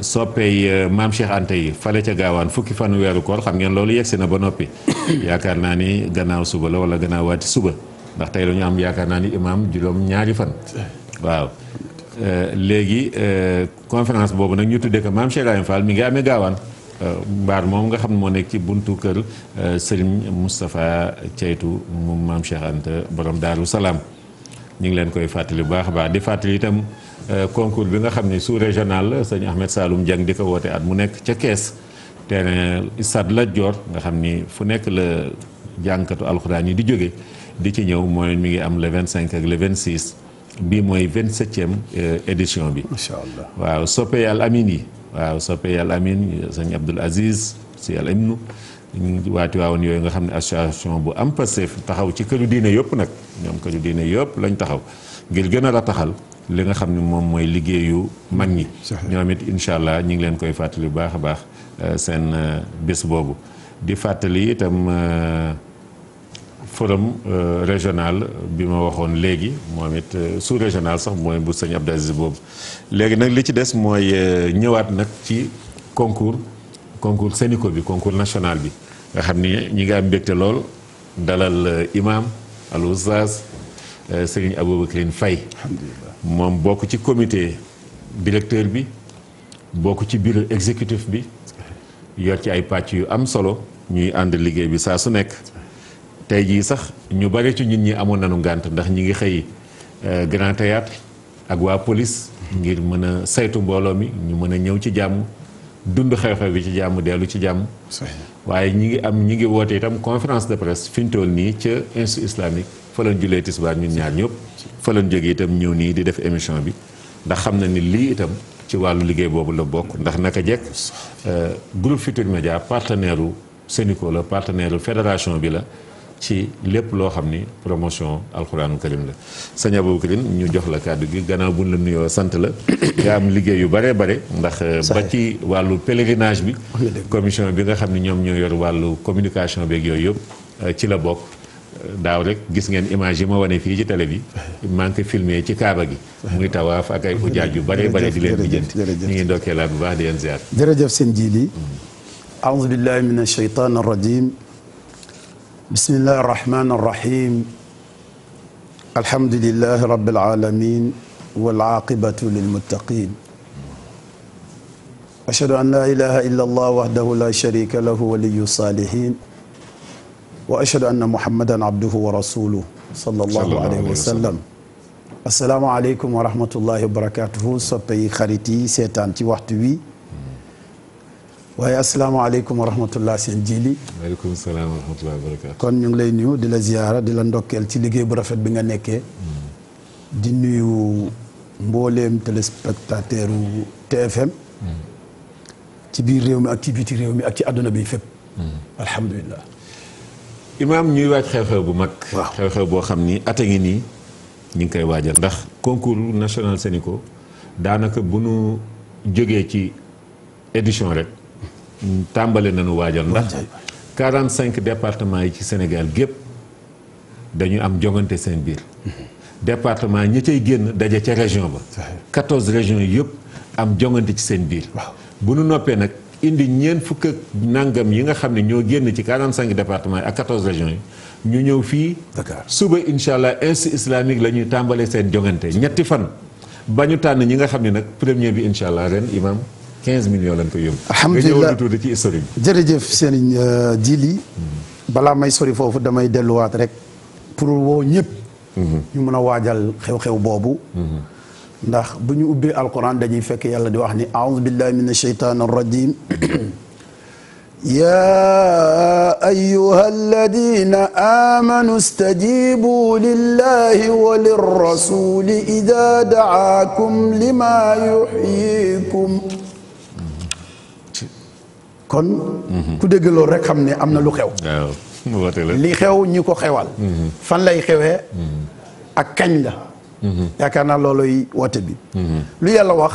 soppey euh, maam Cheikh Anta yi fale ca gaawaan fukki fan weeru koor xam ngeen loolu yegsi na ba noppi [coughs] yaakaar naa ni gannaaw suba la wala gannaaw waati suba ndax tey la am yaakaar naa ni imaam juróom ñaari fan waaw euh, léegi euh, conférence boobu nag ñu tuddee ko maam Cheikh Ibrahima mi ngi amee gaawaan mbaar moom nga xam ne moo nekk ci buntu kër Serigne Moustapha Ceytu moom maam Cheikh Anta borom Daaru Salaam ñu ngi leen koy fàttali bu baax a baax di fàttali itam Euh, concours bi nga xam ni sous régional la sëñ Ahmed Saloum Dieng di ko woote at mu nekk ca kees terrain stade Lat Dior nga xam ni fu nekk la jànkatu alxuraan yi di jóge di ci ñëw mooy mi ngi am le 25 ak le 26 bi mooy vingt e euh, édition bi. macha allah waaw soppe yàlla amin yi. waaw soppe yàlla amin sëñ Abdoul Aziz si yàlla aminu waati waawoon yooyu nga xam ne association bu am passif taxaw ci këru diine yëpp nag ñoom këru diine yëpp lañ taxaw ngir gën a rataxal li nga xam ne moom mooy liggéeyu mag ñi ñoom it incha allah ñu ngi leen koy fàttali bu baax a baax euh, seen euh, bés boobu di fàttali itam euh, forum régional bi ma waxoon léegi moom it su régional sax mooy bu sëñ Abdou boobu léegi nag li ci des mooy ñëwaat nag ci concours concours Sénico bi concours national bi nga xam ni ñi nga am mbégte lool dalal imam al oustaz sëriñ Aboubacrine fay moom bokk ci comité directeur bi bokk ci bureau exécutif bi yor ci ay pàcc yu am solo ñuy ànd liggéey bi saa su nekk tey jii sax ñu bari ci ñun ñi amoon nañu ngànt ndax ñi ngi xëy euh, Grand Théâtre ak waa police ngir mën a saytu mbooloo mi ñu mën a ñëw ci jàmm dund xew-xew bi ci jàmm dellu ci jàmm waaye ñi ngi am ñi ngi woote itam conférence de presse fi ñu toll nii ca institut islamique fa lañ julee tisbaar ñun ñaar ñëpp fa lañ jógee itam ñëw nii di def émission bi ndax xam na ni lii itam ci wàllu liggéey boobu la bokk ndax naka jekk euh, groupe Futur Média partenaire u Sénico la partenaire u bi la ci lépp loo xam ni promotion alxuraanu karim la sëñ Abou Karim ñu jox la kàddu gi gannaaw buñ la nuyoo sant la nga [coughs] am liggéey yu bare bare ndax euh, ba ci wàllu pèlerinage bi commission bi nga xam ne ñoom ñoo yor wàllu communication beeg yooyu yëpp euh, ci la bokk daaw rek gis ngeen image yi ma wane fii ci télé bi maa ngi ko filmé ci Kaaba gi. muy tawaaf ak ay bare bare di di leen ziar. jërëjëf seen ji lii. Mm. aoudu billahi min ashaytaan arrajim. bismillahi arrahmani arrahim. alhamdulilahi rabbil alamin. wal aaqibatu lil muttaqin. ashhadu an la ilaha illa allah wahdahu la sharika lahu waliyyu wa ashhadu anna muhammadan abduhu wa rasuluhu sallallahu alayhi wa sallam asalaamaaleykum wa rahmatullahi wa barakatuhu soppe yi xarit yi seetaan ci waxtu wi waaye asalaamaaleykum wa rahmatullah seen jili waaleykum salaam wa rahmatullah wa barakatuh kon ñu ngi lay nuyu di la ziyaara di la ndokkeel ci liggéey bu rafet bi nga nekkee hmm. di nuyu mbooleem téléspectateur u TFM hmm. ci biir réew mi ak ci biti réew mi ak ci àdduna bi fépp hmm. alhamdulilah imaam ñuy waaj xew-xew bu mag. xew-xew boo xam ni at ngi nii ñu ngi koy waajal. ndax concours national Sénico daanaka bu nu jógee ci édition rek tàmbali nañu waajal. ndax cinq départements yi ci Sénégal gépp dañu am jongante seen biir. département ñi cay génn daje ca région ba. 14 régions yëpp am jongante ci seen biir. bu nu noppee nag. indi ñeent fukk ak nangam yi nga xam ne ñoo génn ci 45 départements yi ak 14 régions yi ñu ñëw fii. suba incha allah institut islamique la ñuy tàmbalee seen jongante ñetti fan. ba ñu tànn ñi nga xam ne nag premier bi incha allah ren imam 15 millions lañ ko yóbbu. alhamdulilah nga ñëw ci historique bi. jërëjëf seen euh, jili hmm. balaa may sori foofu damay delluwaat rek. pour woo ñëpp. Hmm. ñu mën a waajal xew-xew boobu. Hmm. ndax bu ñu ubbee alquran dañuy fekk yàlla di wax ni aoudu billahi min alsheytan arrajim ya ayuha alladina amanu stajibu lillahi wa lirrasuli ida daakum lima yuxyikum ku dégg loolu rek xam ne am na lu xew li xew ñi ko xewal mm-hmm. fan lay xewe mm-hmm. ak kañ la Mm-hmm. yaakaar naa looloy woote bi. Mm-hmm. lu yàlla wax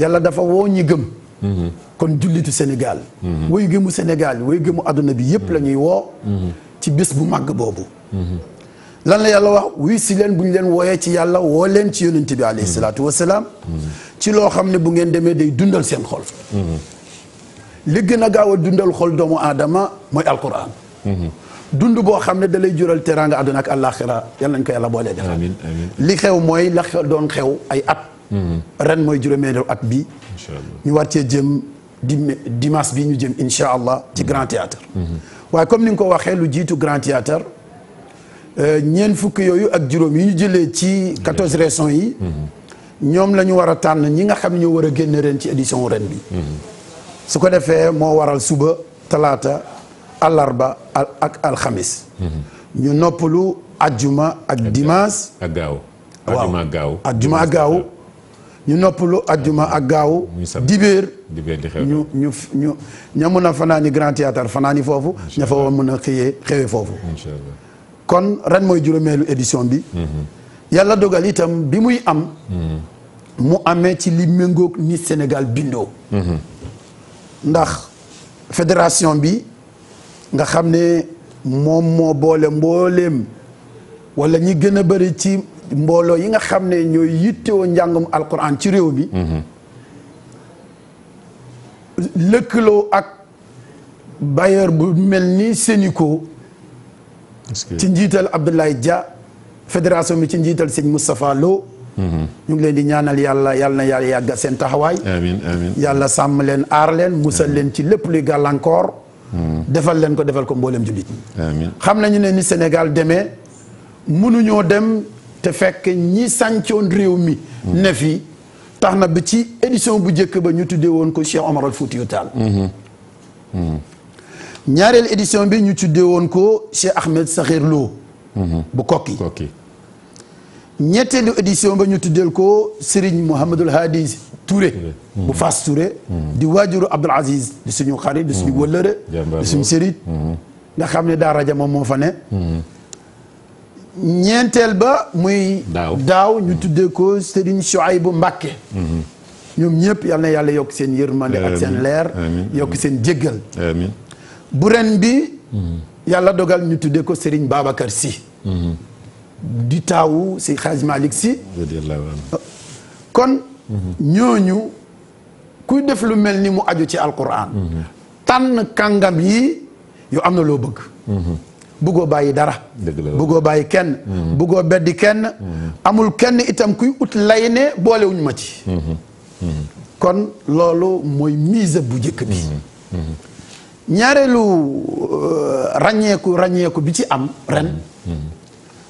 yàlla dafa woo ñi gëm. Mm-hmm. kon jullitu Sénégal. way gëmu Sénégal way gëmu àdduna bi yëpp lañuy woo. ci bis bu màgg boobu. lan la yàlla wax wuy si leen bu ñu leen wooyee ci yàlla woo leen ci yonent bi alayhi salaatu wa salaam. ci loo xam ne bu ngeen demee day dundal seen xol. li gën a gaaw a dundal xol doomu aadama mooy alquran. dund boo xam ne da jural teraanga àdduna ak àllaaxira yal nañ ko yàlla boole defal li xew mooy la doon xew ay at mm-hmm. ren mooy juróomeelu at bi ñu war cee jëm dimanche bi ñu jëm incha allah ci grand théâtre mm-hmm. waaye comme ni nga ko waxee lu jiitu grand théâtre euh, ñeen fukk yooyu ak juróom yi ñu jëlee ci quatorze régions yi mm-hmm. ñoom lañu war a tànn ñi nga xam ne ñoo war a génn ren ci édition ren bi su ko defee moo waral suba talaata àllarba ak alxamis ñu noppalu ajjuma ak dimanche ak gaaw waaw ajjuma ak gaaw ñu noppalu ajjuma ak gaaw dibéer ñu ñu ñu ña mun a fanaani grand théâtre fanaani foofu ña fa woon mun a xëyee xëwe foofu kon ren mooy juróomeelu édition bi mhm. yàlla dogal itam bi muy am mhm. mu amee ci li méngoog ni Sénégal bindoo mhm. ndax fédération bi nga xam ne moom moo boole mbooleem walla ñi gën a bari ci mbooloo yi nga xam ne ñooy yittewoo njàngum alquran ci réew mi. Mm-hmm. lëkkaloo ak bailleur bu mel ni Sénico. ci njiital Abdoulaye Dia fédération bi ci njiital sëñ Moustapha Lo. Mm-hmm. ñu ngi leen di ñaanal yàlla yàlla na yàlla yàggal seen taxawaay. yàlla sàmm leen aar leen musal leen ci lépp luy gàllankoor. defal leen ko defal ko mboolem jullit. amiin xam nañu ne ni Sénégal demee mënuñoo dem te fekk ñi sàncoon réew mi. ne fi tax na bi ci édition bu njëkk ba ñu tuddee woon ko Cheikh Omar al Foutiyou Tall. Mm-hmm. Mm-hmm. ñaareel édition bi ñu tuddee woon ko Cheikh Ahmed Sakhir Lo. Mm-hmm. bu kokki ñetteelu édition ba ñu tuddeel ko Serigne Mouhamadul Hadi Touré. bu fas ture hmm. di waajuru Abdoul Aziz di suñu xarit di suñu hmm. wëllëre. di suñu sëriñ. Hmm. nga xam ne daara ja moom moo fa ne. ñeenteel ba muy. daaw ñu tuddee ko Serigne bu Mbacké. ñoom ñëpp yal na yàlla yokk seen yërmande ak seen leer. yokk seen jéggal. bu bi. yàlla dogal ñu tuddee ko Serigne Babacar si di taawu si xaaj Malick si kon ñooñu kuy def lu mel ni mu aju ci alquran tànn kàngam yi yow am na loo bëgg bëggoo bàyyi dara bëggoo bàyyi kenn bëggoo beddi kenn amul kenn itam kuy ut lay ne boolewuñu ma ci kon loolu mooy mise bu njëkk bi ñaareelu euh, ràññeeku ràññeeku bi ci am ren mm-hmm.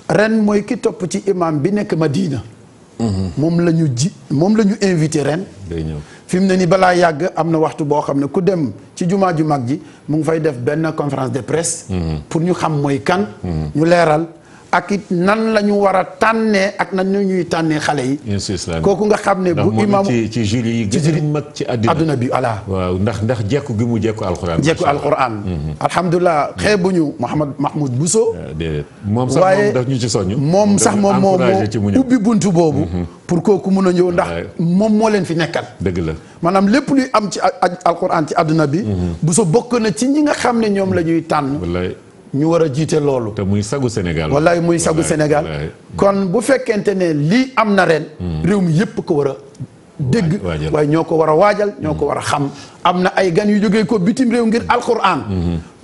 ren mooy ki topp ci imam bi nekk ma Madina. moom la ñu ji moom la ñu invité ren. fi mu ne nii balaa yàgg am na waxtu boo xam ne ku dem ci jumaa ju mag ji mu ngi fay def benn conférence de presse. Mm-hmm. pour ñu xam mooy kan. Mm-hmm. ñu leeral ak it nan la ñu war a tànnee ak nan la ñuy tànnee xale yi. kooku nga xam ne bu imam ci ci jury yi gën a mag ci adduna bi voilà. ndax ndax jekku gi mu jekku alquran. jekku alquran. Mm-hmm. alhamdulilah mm-hmm. ñu Mouhamad Mahmoud Bousso. Ah, déedéet moom sax moom daf ñu ci soññu. moom sax moom moo moo ubbi buntu boobu. Mm-hmm. pour kooku mun a ñëw ndax moom moo leen fi nekkal. dëgg la maanaam lépp luy am ci alquran ci adduna bi. Bousso bokk na ci ñi nga xam ne ñoom la ñuy tànn. ñu war a jiite loolu. te muy sagu Sénégal. wallaay muy sagu Sénégal kon bu fekkente ne lii am na ren. Hmm. réew mi yëpp ko war a dégg. waaye ñoo ko war a waajal ñoo ko war a xam. am na ay gan yu jógee ko bitim réew ngir alquran.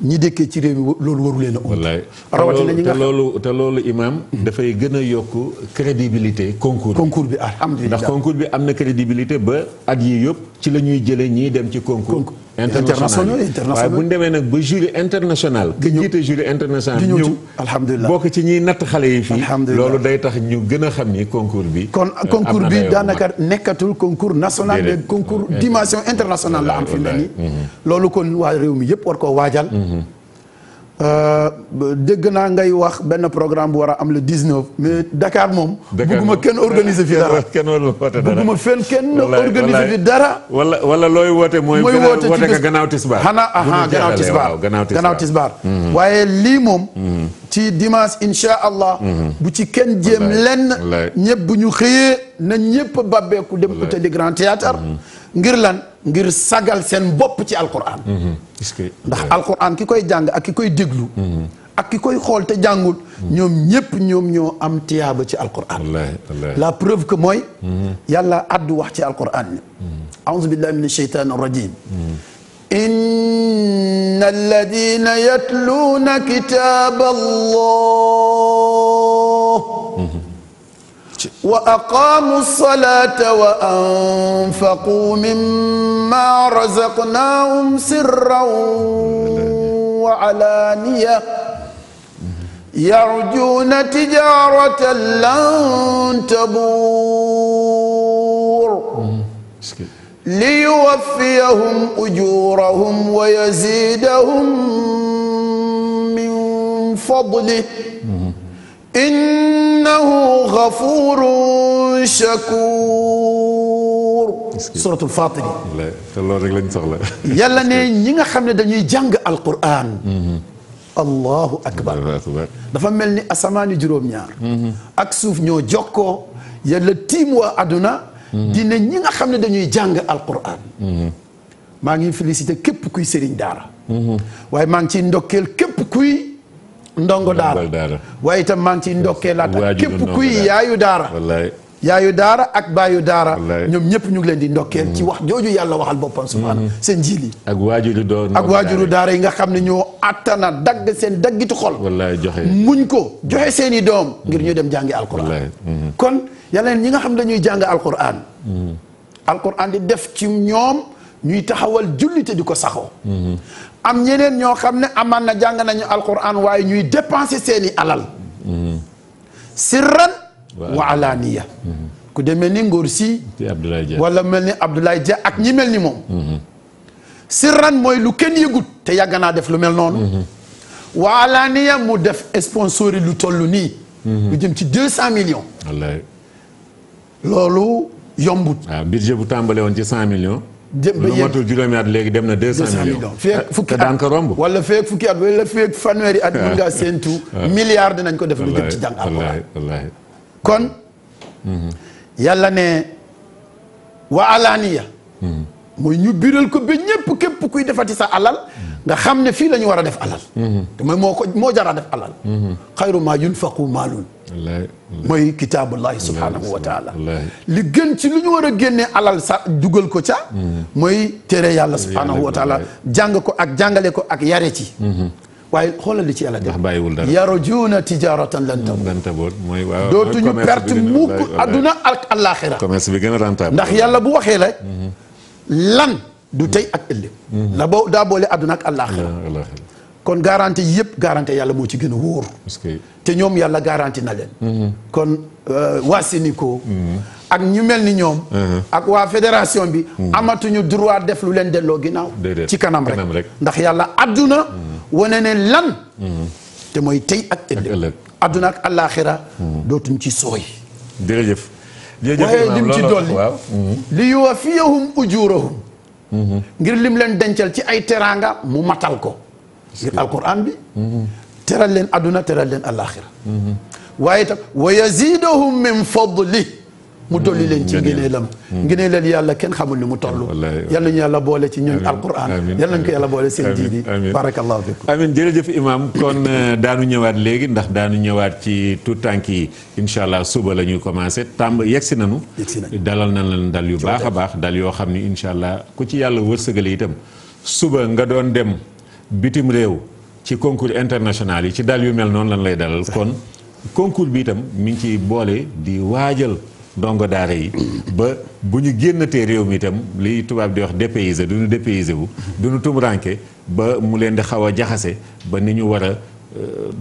ñi dëkkee ci réew mi loolu waru leen a. wallaay rawatina ñi nga xam te loolu te loolu imam. dafay gën a yokk crédibilité concours bi. concours bi alhamdulilah ndax concours bi am na crédibilité ba at yi yëpp ci la ñuy jëlee ñiy dem ci concours. international international waaye bu ñu demee nag ba jury international. di ñëw jiite jury international ñëw. alhamdulilah bokk ci ñiy natt xale yi fii. loolu day tax ñu gën a xam ni concours bi. kon euh, concours bi daanaka nekkatul concours national mais concours dimension internationale am. Mhm. loolu kon waa réew mi yëpp war koo waajal mhm. euh, dégg naa ngay wax benn programme bu war a am le 19 mais Dakar moom. bugguma kenn organiser fi [laughs] dara kenn woote bugguma fenn kenn organiser fi dara. wala wala looy woote mooy. mooy woote ci bés gannaaw tisbaar. xanaa ah gannaaw tisbaar tisbaar. Mhm. waaye lii moom. ci dimanche incha allah. bu ci kenn jéem lenn. ñëpp bu ñu xëyee na ñëpp babbeeku dem uta di grand ngir lan ngir sagal seen bopp ci alquran. Mhm. ndax alquran ki koy jàng ak ki koy déglu. Mhm. ak ki koy xool te jàngul. Mhm. ñoom ñépp ñoom ñoo am tiyaaba ci alquran. la preuve que mooy. yàlla addu wax ci alquran ni auzu billahi min asheytaani rajim. inna alladina yatluuna kitaaba allah. وأقاموا الصلاة وأنفقوا مما رزقناهم سرا وعلانية يرجون تجارة لن تبور ليوفيهم أجورهم ويزيدهم من فضله innahu ghafurun shakur. rek lañ soxla. yàlla ne ñi nga xam ne dañuy jàng Alqur'an. allahu akbar dafa mel ni asamaani juróom-ñaar. ak suuf ñoo jokkoo yàlla tiim waa àdduna. dina ñi nga xam ne dañuy jàng Alqur'an. maa ngi félicité képp kuy sëriñ daara. Mhm. waaye maa ngi ci ndokkeel képp kuy. ndongo daara waaye itam maa ngi ciy ndokkee laata képp kuy yaayu daara yaayu daara ak baayu daara ñoom ñëpp ñu ngi leen di ndokkeel ci mm-hmm. wax jooju yàlla waxal boppam subhaana mm-hmm. seen jiili ak waajuru doon ak waajuru daara yi nga xam ne ñoo attana dagg seen daggitu xol muñ ko joxe seeni doom ngir ñu mm-hmm. dem jàngi alquran kon yàlla ñi nga xam dañuy jàng alquran alquran di def ci ñoom ñuy taxawal julli te di ko saxoo am ñeneen ñoo xam ne amaan na jàng nañu alquran waaye ñuy dépenser seeni alal sirran wa alaaniya ku demee ni ngóor si wala mel ni Abdoulaye Dia ak ñi mel ni moom mhm. sirran mooy lu kenn yëgut te yàgg naa def lu mel noonu mhm. wa alaaniya mu def sponsori lu toll nii mhm. lu jëm ci deux cent millions loolu yombut ah, budget bu tàmbale woon ci million jëm ba yéen lu matul juróomi at léegi dem na deux cent millions feek ah, fukki at romb wala feek fukki at wala feek fanweeri at mën ah. ngaa séentu ah. milliard dinañ ko def lu jëm ci jàng kon yàlla ne wa alaaniya hmm. mooy ñu biral ko ba ñépp képp kuy defati sa alal nga xam ne fii la ñu war a def alal. Mhm. te mooy moo ko moo jar a def alal. Mhm. xayru maa yunfaqu maalun. mooy kitaabullahi subhaanahu wa taala. li gën ci lu ñu war a génnee alal sa dugal ko ca. Mhm. mooy tere yàlla subhaanahu wa taala jàng ko ak jàngale ko ak yare ci. waaye xoolal li ci yàlla def bàyyiwul dara yarujuuna tijaaratan lan tabuur lan tabuur mooy waaw dootuñu perte mukk adduna ak àllaaxira commerce bi gën a rentable ndax yàlla bu waxee la lan. du tey ak ëllëg. Mhm. la boo daa boole àdduna ak àllaaxira kon garanti yëpp garanti yàlla moo ci gën a wóor. te ñoom yàlla garanti na leen. Mhm. kon euh, waa Sénico. Mhm. ak ñu mel ni ñoom. ak waa fédération bi. amatuñu droit def lu leen delloo ginnaaw. ci kanam rek ndax yàlla àdduna. wane ne lan. te mooy tey ak ëllëg. àdduna ak àllaaxira dootuñ ci sooy. jërëjëf. waaye lim ci dolli li yuwaffiyahum ujurahum ngir lim leen dencal ci ay teraanga mu matal ko ngir alquran bi mhm. teral leen adduna teral leen alaxira mhm. waaye itam wa yaziduhum min fadli mu dolli leen ci ngëneelam hmm. ngëneelal yàlla kenn xamul ni mu toll yal nañu yàlla boole ci ñun alquran yal nañ ko yàlla boole seen ji bi barakallahu fikum amin jërëjëf imam kon euh, daanu ñëwaat léegi ndax daanu ñëwaat ci tout tànk yi incha allah suba la ñuy commencé tàmb yegsi nañu dalal na leen dal yu baax a baax dal yoo xam ni incha allah ku ci yàlla wërsëgale tam suba nga doon dem bitim réew ci concours international yi ci dal yu mel noonu lan lay dalal kon concours bi itam mi ngi ci boole di waajal dongo daara yi ba bu ñu génn génnatee réew mi itam liy tubaab di wax dépayser du ñu dépayser wu du ñu ba mu leen di xaw a jaxase ba ni ñu war a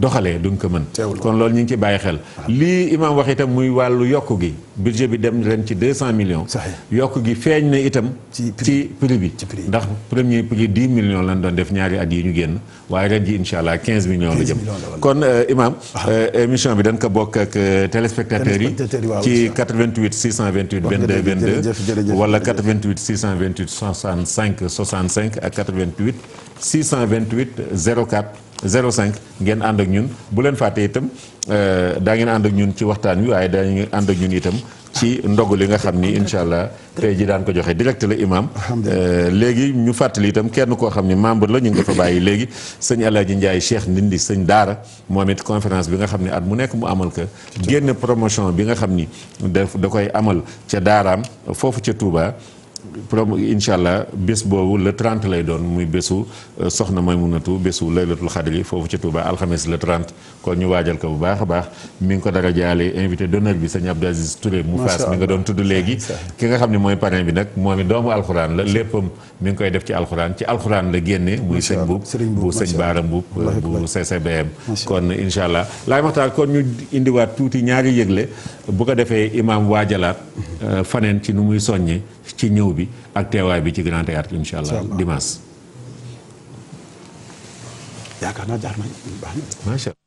doxalee duñ ko mën kon loolu ñu ngi ci bàyyi xel lii imaam wax itam muy wàllu yokk gi budget bi dem ren ci deux cent millions yokk gi feeñ na itam ci prix bi ndax premier prix dix millions lañ doon def ñaari at yi ñu génn waaye ren ji insha allah quinze millions la jëm kon euh, imaam ah. euh, émission bi dañ ko bokk ak euh, téléspectateurs yi ci 88 628 22 22 wala 88 628 65 65 ak 88 628 04 05 ngeen ànd ak ñun bu leen fàtte itam euh, daa ngeen ànd ak ñun ci waxtaan wi waaye daa ngeen ànd ak ñun itam ci ndogu li nga xam ni incha allah tey ji daan ko joxe direct la imam euh, léegi ñu fàttali itam kenn koo xam ni membre la ñu ngi ko fa bàyyi léegi sëñ ji Ndiaye Cheikh Ndindi sëñ Daara moom it conférence bi nga xam ne at mu nekk mu amal ko génn promotion bi nga xam ni da da koy amal ca Daaraam foofu ca Touba promo incha allah bés boobu le 30 lay doon muy bésu euh, soxna Maymunatu bésu laylatul xadri yi foofu ci Touba alxames le 30 kon ñu waajal ko bu baax a baax mi ngi ko dara jaale invité d'honneur bi sëñ Abdou Aziz Touré mu faas mi nga doon tudd léegi ki nga xam ne mooy parrain bi nag moom i doomu alxuraan la léppam mi ngi koy def ci alxuraan ci alxuraan la génnee muy sëñ buub bu sëñ baara mbuub euh, bu CCBM kon incha allah laay maxtaar kon ñu indiwaat tuuti ñaari yëgle bu ko defee imaam waajalaat euh, faneen ci nu muy soññe ci ñëw bi ak teewaay bi ci Grand Théâtre incha allah dimanche. yaakaar naa jaar nañu baax na. macha allah.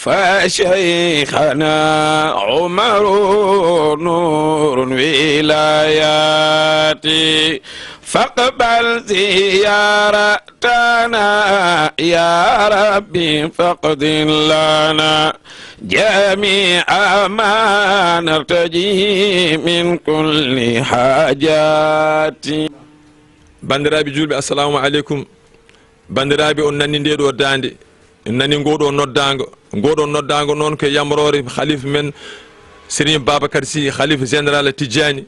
فشيخنا عمر نور ولاياتي فاقبل زيارتنا يا ربي فاقضي لنا جميع ما نرتجيه من كل حاجات bandiraɓe julɓe assalamu aleykum bandiraɓe on nani nde ɗo dande nani ngoɗo noddago ngoɗo noddago noon ko yamrore halife men sérine babacar sy halife général tidiani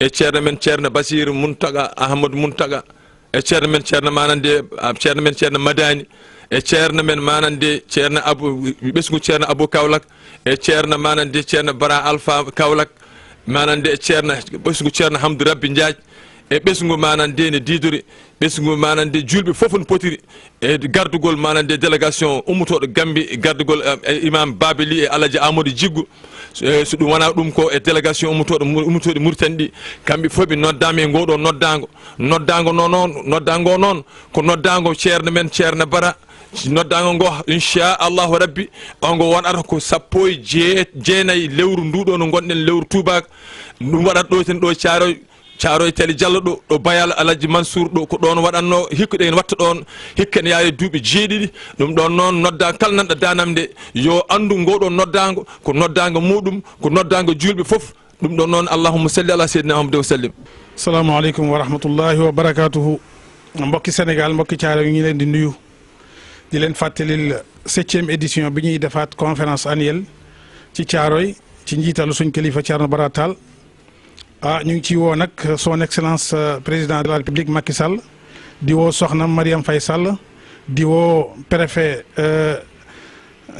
e ceerno men ceerno basir muntaga ahmadou muntaga e ceerno men ceerno manande ceerno men ceerno madani e ceerno men manande ceerno abou ɓesgu ceerno abou kawlak e ceerno manande ceerno bara alpha kawlak manande e ceerno ɓesgu ceerno hamdou rabbi diaji e ɓesgu manande ne didori ɓesgu manande julɓe fof no potiri e gardugol manande délégation ummotoɗo gambi e gardugol e, e imam babeli e alaji amadou jiggo so ɗum wona ɗum ko e délégation ummotoɗo ummotoɗe ɗi kamɓe fof ɓe noddama e ngoɗo noddago noddago no noon ko noddago ceerno men ceerno bara noddago ngo inchallahu rabbi ongo wonata ko sappo e lewru nduɗo no gonɗen lewru tubak ɗum waɗata ɗo ten ɗo caaroy caaroye tali diallo ɗo ɗo bayal alaji mansour ɗo ko ɗon waɗatno hikkuɗe en watta ɗon hikka ne yaawi duuɓi jeeɗiɗi ɗum ɗon noon nodda kala nanɗo danamde yo andu ngoɗon noddago ko noddago muɗum ko noddago julɓe foof ɗum ɗon noon allahuma salli ala seydina amadou wa sallim assalamu aleykum wa rahmatullahi wa barakatuhu mbokki sénégal mbokki caaro ñu leen di nuyu di leen fàttalil septième édition bi ñuy defaat conférence annuelle ci caaroy ci njiitalu suñ kilifa Thierno Bara ah ñu ngi ci woo nag son excellence euh, président de la république Macky Sall di woo soxna Mariam fay Sall di woo préfet euh,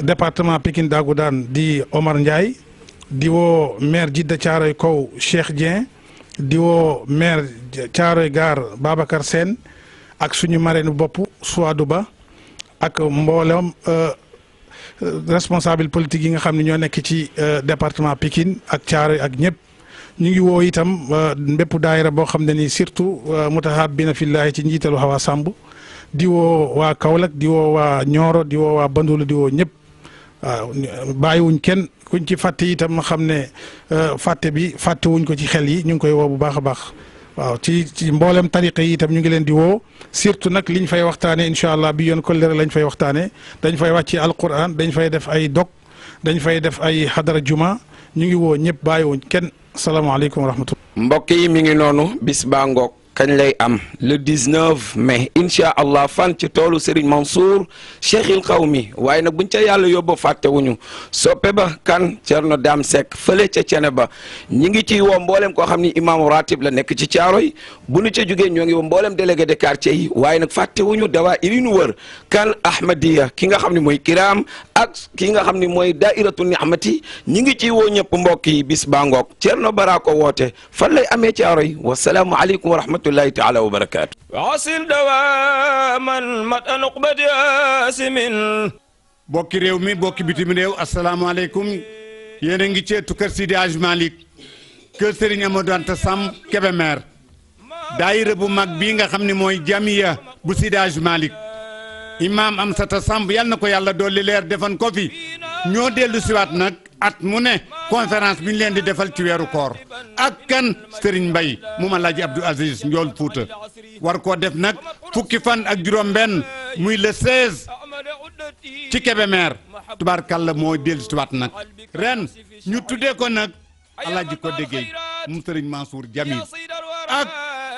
département Pikine Dagoudane di Omar Ndiaye di woo maire Jidda Thiaroye Kaw Cheikh Dieng di woo maire Thiaroye Gare Babacar Sène ak suñu marraine bopp Souadou Ba ak mboolem euh, responsable politique yi nga xam ni ñoo nekk ci département Pikine ak Thiaroye ak ñëpp ñu ngi woo itam uh, bépp daayira boo xam ne ni surtout uh, mutahaabina fillaahi ci njiitalu Hawa Samb di woo waa Kaolack di woo waa Nioro di woo waa Bandoul di woo ñëpp waaw bàyyiwuñ kenn kuñ ci fàtte itam xam ne uh, fàtte bi fàtte wuñ ko ci xel yi ñu ngi koy woo bu baax a baax waaw ci ci mboolem tariqa yi itam ñu ngi leen di woo surtout nag liñ fay waxtaanee incha allah bi yoon kollëre lañ fay waxtaanee dañ fay ci al alquran dañ fay def ay dog dañ fay def ay xadara juma ñu ngi woo ñëpp bàyyiwuñ kenn. salaamaaleykum wa rahmatulah. mbokk yi mi ngi noonu bis baa ngoog kañ lay am le 19 mai incha allah fan ci toolu Serigne Mansour Cheikhil Xawmi waaye nag buñ ca yàlla yóbbu fàttewuñu soppe ba kan Thierno Dame Seck fële ca cene ba ñi ngi ciy woo mboolem koo xam ni imaamu ratib la nekk ci caaro yi bu nu ca jugee ñoo ngi woo mboolem délégué de quartier yi waaye nag fàttewuñu dawaa iri nu wër kan Ahmadiya ki nga xam ne mooy Kiram ak ki nga xam ni mooy Dairatu Nihmati ñi ngi ciy woo ñëpp mbokk yi bis baa ngoog Thierno Bara ko woote fan lay yi wasalaamualeykum rahmatullahi taala wa barakaatu mat an uqbati asimin bokki réew mi bokki bitim réew asalaamaaleykum yéen a ngi ceetu kër Sidi Hadj Malick kër Serigne Amadou Anta Samb Kébémer daayira bu mag bii nga xam ni mooy jamiya bu Sidi Hadj Malick imaam Amsata samp yal na ko yàlla dolli leer defan ko fi ñoo dellu siwaat nag at mu ne conférence bi ñu leen di defal ci weeru koor ak kan Serigne mbay mu ma laaj Abdou Aziz Ndiol Fouta war koo def nag fukki fan ak juróom-benn muy le 16 ci Kébémer tubaarkàlla moo dellu siwaat nag ren ñu tuddee ko nag alaaji ko déggee mu Serigne Mansour Jamil ak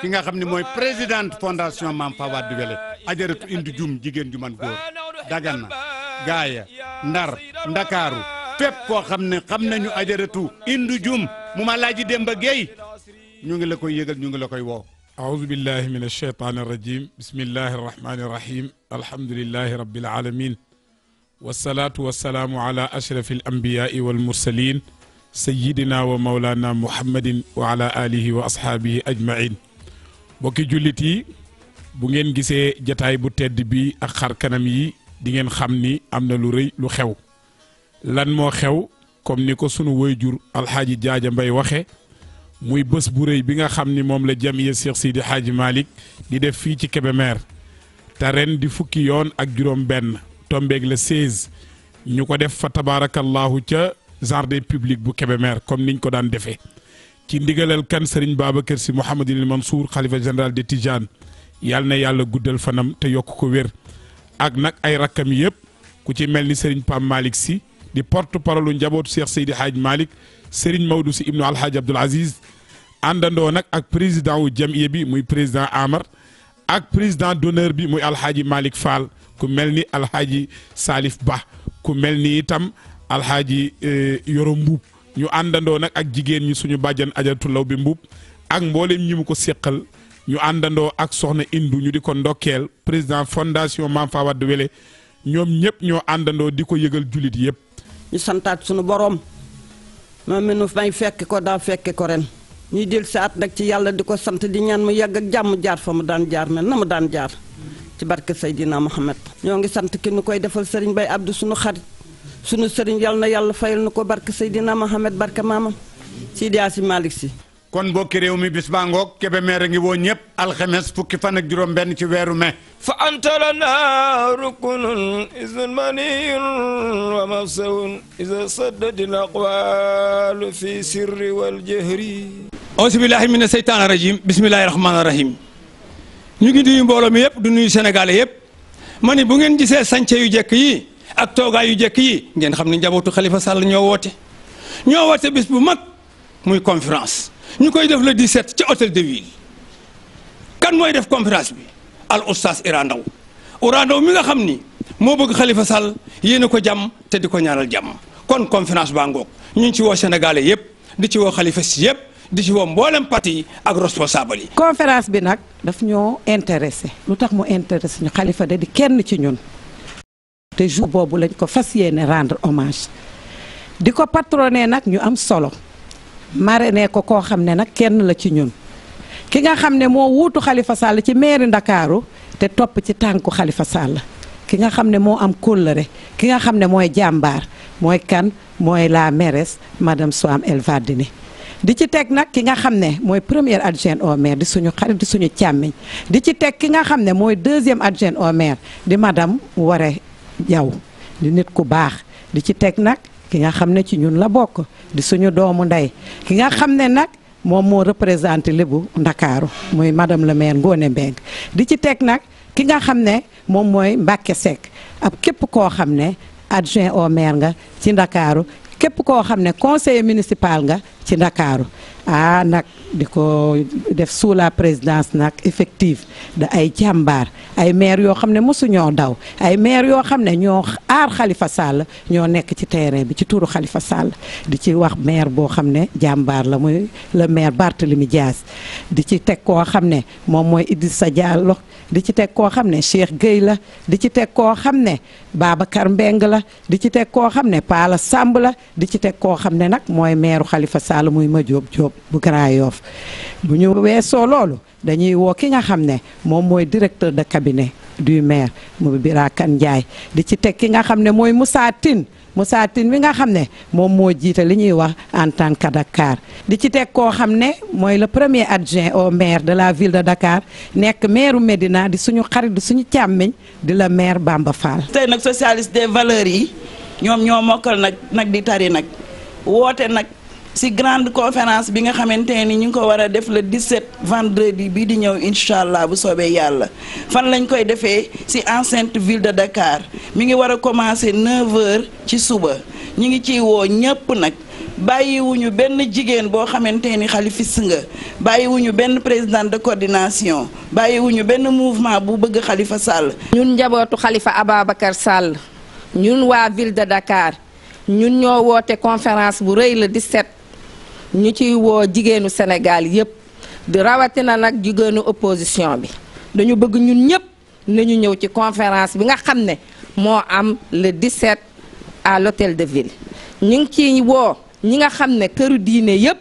ki nga xam ne mooy présidente fondation Mame Fawade Wellé ajaratu indi jum jigéen ju man góor dagana gaaya ndar ndakaaru fépp koo xam ne xam nañu ajaratu indi jum mu ma laaji Demba Gueye ñu ngi la koy yëgal ñu ngi la koy woo أعوذ بالله من الشيطان الرجيم بسم الله الرحمن الرحيم الحمد لله رب العالمين والصلاة والسلام على أشرف الأنبياء والمرسلين سيدنا ومولانا محمد وعلى آله وأصحابه أجمعين بوكي جلتي bu ngeen gisee jataay bu tedd bi ak xar kanam yi dingeen xam ni am na lu rëy lu xew lan moo xew comme ni ko sunu woyjur alxaaji jaaja mbay waxe muy bës bu rëy bi nga xam ni moom la jamiya Cheikh di Hadji Malick di def fii ci Kébémer te ren di fukki yoon ak juróom benn tombeeg le 16 ñu ko def fa tabaarakallaahu ca de public bu Kébémer comme niñ ko daan defee ci ndigalal kan Serigne Babacar Sy Mouhamadul Mansour xalifa général de Tijane yal na yàlla guddal fanam te yokku ko wér ak nag ay rakkam yëpp ku ci mel ni Serigne Pape Malick si di porte parole njabootu Cheikh Seydi Hadj Malick Serigne Maodo si ibnu Alhaji Abdoul Aziz àndandoo nag ak président wu jamiya bi muy président Amar ak président donneur bi muy Alhaji Malick Fall ku mel ni Alhaji Salif Ba ku mel ni itam Alhaji eh, Yoro Mbuub ñu àndandoo nag ak jigéen ñi suñu bàjjan ajatulaw bi Mbuub ak mboolem ñi mu ko seqal. ñu àndandoo ak soxna Indu ñu di ko ndokkeel président fondation Mame Fawade Wele ñoom ñëpp ñoo àndandoo di ko yëgal jullit yëpp. ñu santaat sunu boroom moom mi nu may fekk ko daa fekke ko ren ñuy del si at nag ci yàlla di ko sant di ñaan mu yàgg ak jàmm jaar fa mu daan jaar mel na mu daan jaar ci barke Seydina Mohamed. ñoo ngi sant ki nu koy defal Serigne bay Abdou sunu xarit sunu Serigne yàlla na yàlla fayal nu ko barke Seydina Mohamed barke maamam Sidi Asi Malick si. kon mbokki réew mi bis baa ngoog Kébémer a ngi woo ñëpp alxemes fukki fan ak juróom benn ci weeru mai fa anta lana rukunun isun wa mafsawun isa saddadil aqwalu fi sirri wal jahri auzu billahi mina seytaani ñu ngi nuyu mbooloo mi yëpp du nuyu Sénégal yëpp ma bu ngeen gisee sànce yu jekk yi ak toogaay yu jekk yi ngeen xam ni njabootu Khalifa Sall ñoo woote ñoo woote bis bu mag muy conférence ñu koy def le set ci hôtel de ville kan mooy def conférence bi al oustaz Iran Ndao mi nga xam ni moo bëgg Khalifa Sall yéene ko jàmm te di ko ñaanal jàmm kon conférence baa ngoog ñu ngi ci woo sénégalais yëpp di ci woo Khalifa si yëpp di ci woo mboolem parti ak responsable yi. conférence bi nag daf ñoo intéressé lu tax mu intéressé ñu xalifa de di kenn ci ñun te jour boobu lañ ko fas yéene rendre hommage di ko patronné nag ñu am solo. marraine ko koo xam ne nag kenn la ci ñun ki nga xam ne moo wuutu xalifa Sall ci mairie Ndakaaru te topp ci tànku xalifa Sall ki nga xam ne moo am kóllëre ki nga xam ne mooy jàmbaar mooy kan mooy la mairesse madame Soham El Wardini di ci teg nag ki nga xam ne mooy première adjointe au maire di suñu xarit di suñu càmmiñ di ci teg ki nga xam ne mooy deuxième adjointe au maire di madame Ware Diaw di nit ku baax di ci teg nag ki nga xam ne ci ñun la bokk di suñu doomu ndey ki nga xam ne nag moom moo représenté lébu ndakaaru muy madame le maire Ngoné Mbengue di ci teg nag ki nga xam ne moom mooy Mbacke Seck ab képp koo xam ne adjoint au maire nga ci ndakaaru képp koo xam ne conseiller municipal nga ci ndakaaru ah nag di ko def sous présidence nag effective da ay jàmbaar ay maire yoo xam ne mosu daw ay maire yoo xam ne ñoo aar xalifa Sall ñoo nekk ci terrain bi ci tuuru xalifa Sall di ci wax maire boo xam ne jàmbaar la muy le maire Barthélemy Dias di ci teg koo xam ne moom mooy Idrissa Diallo di ci teg koo xam ne Cheikh Gueye la di ci teg koo xam ne Babacar Mbeng la di ci teg koo xam ne Paala Samb la di ci teg koo xam ne nag mooy meeru xalifa Sall muy ma Jóob Jóob bu Grand Yoff bu ñu weesoo loolu dañuy woo ki nga xam ne moom mooy directeur de cabinet du maire mu Birakan Ndiaye di ci teg ki nga xam ne mooy Moussa Tine Moussa Tine mi nga xam ne moom moo jiite li ñuy wax en tant que Dakar di ci teg koo xam ne mooy le premier adjoint au maire de la ville de Dakar nekk maire Médina di suñu xarit di suñu càmmiñ di la maire Bamba Fall. tey nag socialiste des valeurs yi ñoom ñoo mokkal nag nag di tari nag woote nag. si grande conférence bi nga xamante ni ñu ngi ko war a def le 17 vendredi bii di ñëw incha allah bu soobee yàlla fan lañ koy defee si enceinte ville de Dakar mi ngi war a commencer 9h ci suba ñu ngi ciy woo ñëpp nag. bàyyiwuñu benn jigéen boo xamante ni xalifis nga bàyyiwuñu benn président de coordination bàyyiwuñu benn mouvement bu bëgg xalifa Sall. ñun njabootu xalifa Ababacar Sall ñun waa ville de Dakar ñun ñoo woote conférence bu rëy la 17. ñu ciy woo jigéenu Sénégal yépp di rawatina nag jigéenu opposition bi dañu bëgg ñun ñépp nañu ñëw ci conférence bi nga xam ne moo am le di 17 à l'hôtel de ville ñu ngi ciy woo ñi nga xam ne këru diine yépp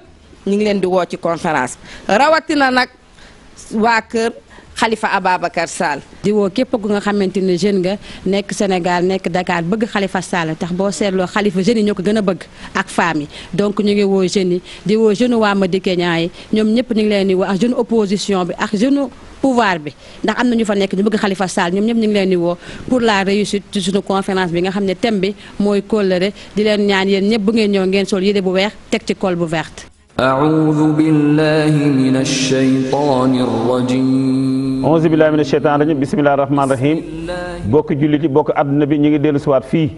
ñu ngi leen di woo ci conférence bi rawatina nag waa kër Khalifa Ababacar Sall. di woo képp ku nga xamante ne jeune nga nekk Sénégal nekk Dakar bëgg Khalifa Sall tax boo seetloo xalifa jeunes yi ñoo ko gën a bëgg ak femmes yi donc ñu ngi woo jeunes yi di woo jeune waa Madické Niang yi ñoom ñëpp ñu ngi leen di woo ak jeune bi ak jeune pouvoir bi ndax am na ñu fa nekk ñu bëgg Khalifa Sall ñoom ñëpp ñu ngi leen di woo pour la réussite ci suñu conférence bi nga xam ne thème bi mooy kóllëre di leen ñaan yéen ñëpp bu ngeen ñëw ngeen sol yére bu weex teg ci col bu verte أعوذ بالله من الشيطان الرجيم أعوذ بالله من الشيطان الرجيم بسم الله الرحمن الرحيم bokk jullit yi bokk àdduna bi ñu ngi dellu siwaat fii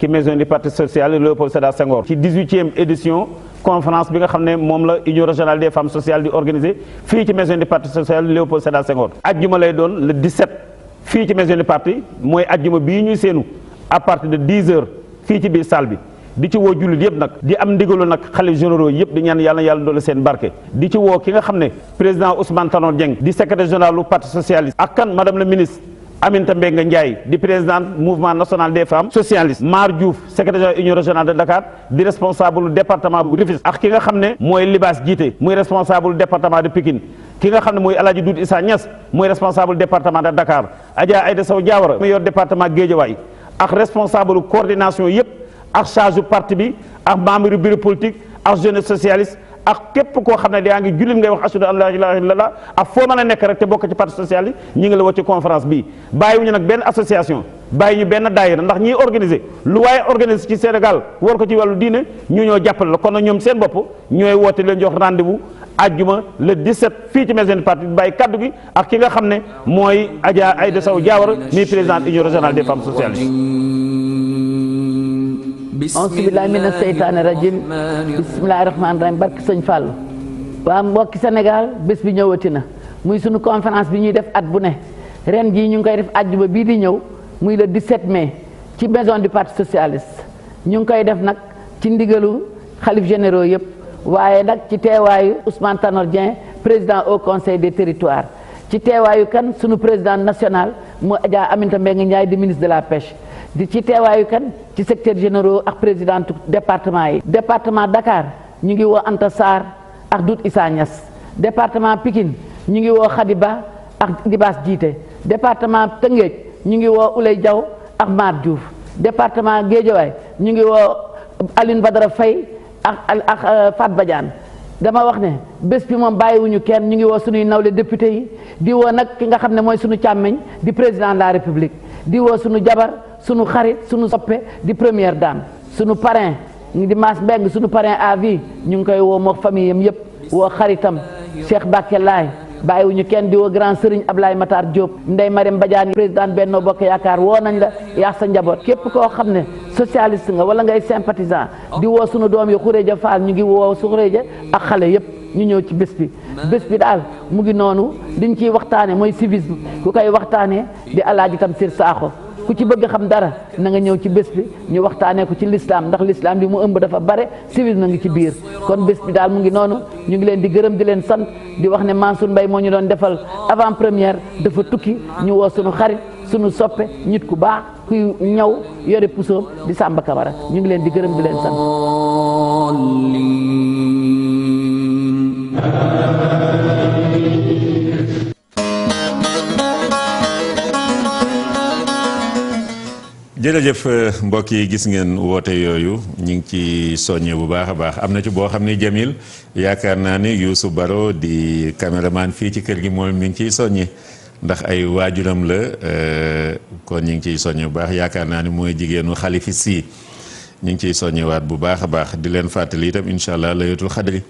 ci maison du parti social Léopold Sédar Senghor ci dix-huitième édition conférence bi nga xam ne moom la union régionale des femmes sociales di organiser fii ci maison du parti social Léopold Sédar Senghor ajjuma lay doon le 17 fii ci maison du parti mooy ajjuma bii ñuy séenu à partir de 10 heures fii ci biir saal bi di ci woo jullit yëpp nag di am ndigalu nag xalif généraux yëpp di ñaan yàlla yàlla doole seen barke di ci woo ki nga xam ne président Ousmane Tanor Dieng di secrétaire général du parti socialiste ak kan madame la ministre Aminata Mbengue Ndiaye di présidente mouvement national des femmes socialistes Mar Diouf secrétaire union régionale de Dakar di responsable département bu ak ki nga xam ne mooy Libaas Jiite muy responsable département de Pikine ki nga xam ne mooy Alaaji Doudou Issa Niass muy responsable département de Dakar Adja Aïda Sow Diawara mu yor département Guédiawaye yëpp ak charge parti bi ak membre bureau politique ak jeunesse socialiste ak képp koo xam ne yaa ngi jullit ngay wax ashhadu an laa ilaaha illallaah ak foo mën a nekk rek te bokk ci parti socialiste ñi ngi la woo ci conférence bii bàyyiwuñu nag benn association bàyyi ñu benn daayira ndax ñiy organiser lu waaye organiser ci Sénégal war ko ci wàllu diine ñu ñoo jàppale la kon nag ñoom seen bopp ñooy woote leen jox rendez-vous ajjuma le 17 fii ci maison du parti bàyyi ki nga xam ne mooy Adja Aïda Sow bisimilah mina seytaane rajim bisimilah rahmaani rahim barki sëñ Fallou waa mbokki Sénégal bés bi ñëwati na muy sunu conférence bi ñuy def at bu ne ren jii ñu ngi koy def àjjuma bii di ñëw muy le 17 mais ci maison du parti socialiste ñu ngi koy def nag ci ndigalu xalif généraux yëpp waaye nag ci teewaayu Ousmane Tanor Dieng président au conseil des territoires ci teewaayu kan sunu président national mu Adja Aminata Mbengue Ndiaye di ministre de la pêche. di ci teewaayu kan ci secteur généraux ak président département yi. département Dakar ñu ngi woo Anta Sarr ak Doudou Issa Niass département Pikine ñu ngi woo Khadiba ak Libaas Jiite département Tëngéej ñu ngi woo Ouley Diaw ak Mar Diouf département Géejawaay ñu ngi woo ba dara Faye ak ak euh, Fat Badiane dama wax ne bés bi moom bàyyiwuñu kenn ñu ngi woo suñuy nawle député yi di woo nag ki nga xam ne mooy suñu càmmiñ di président la république di woo suñu sunu xarit sunu soppe di première daan sunu parrain di Mass Mbengue sunu parrain à ñu ngi koy woo moo famille am yëpp woo xaritam Cheikh Bakke Laay bàyyiwuñu kenn di woo grand Serigne Ablaye Matar Diop Ndeye Mariam Badiane président Benno Bokk Yaakaar woo nañ la yaa sa njaboot képp koo xam ne socialiste nga wala ngay sympathisant di woo sunu doom yi Khourédia Fall ñu ngi woo su Khourédia ak xale yëpp ñu ñëw ci bés bi bés bi daal mu ngi noonu liñ ciy waxtaane mooy civisme ku koy waxtaane di alaaji Tamsir Sakho ku ci bëgg xam dara na nga ñëw ci bés bi ñu waxtaanee ko ci lislaam ndax lislaam li mu ëmb dafa bare civil na ngi ci biir kon bés bi daal mu ngi noonu ñu ngi leen di gërëm di leen sant di wax ne Mansour mbay moo ñu doon defal avant première dafa tukki ñu woo suñu xarit suñu soppe nit ku baax kuy ñaw yore pusoom di Samba Camara ñu ngi leen di gërëm di leen sant jërëjëf euh, mbokk yi gis ngeen woote yooyu ñu ngi ci soññe bu baax a baax am na ci boo xam ni Jamil yaakaar naa ni Youssou Baro di caméraman fii ci kër gi mooy mi ngi ciy soññe ndax ay waajuram la euh, kon ñu ngi ciy soññe bu baax yaakaar naa ni mooy jigéenu xalifi sii ñu ngi ciy soññewaat bu baax a baax di leen fàttali itam incha allah layatul xadri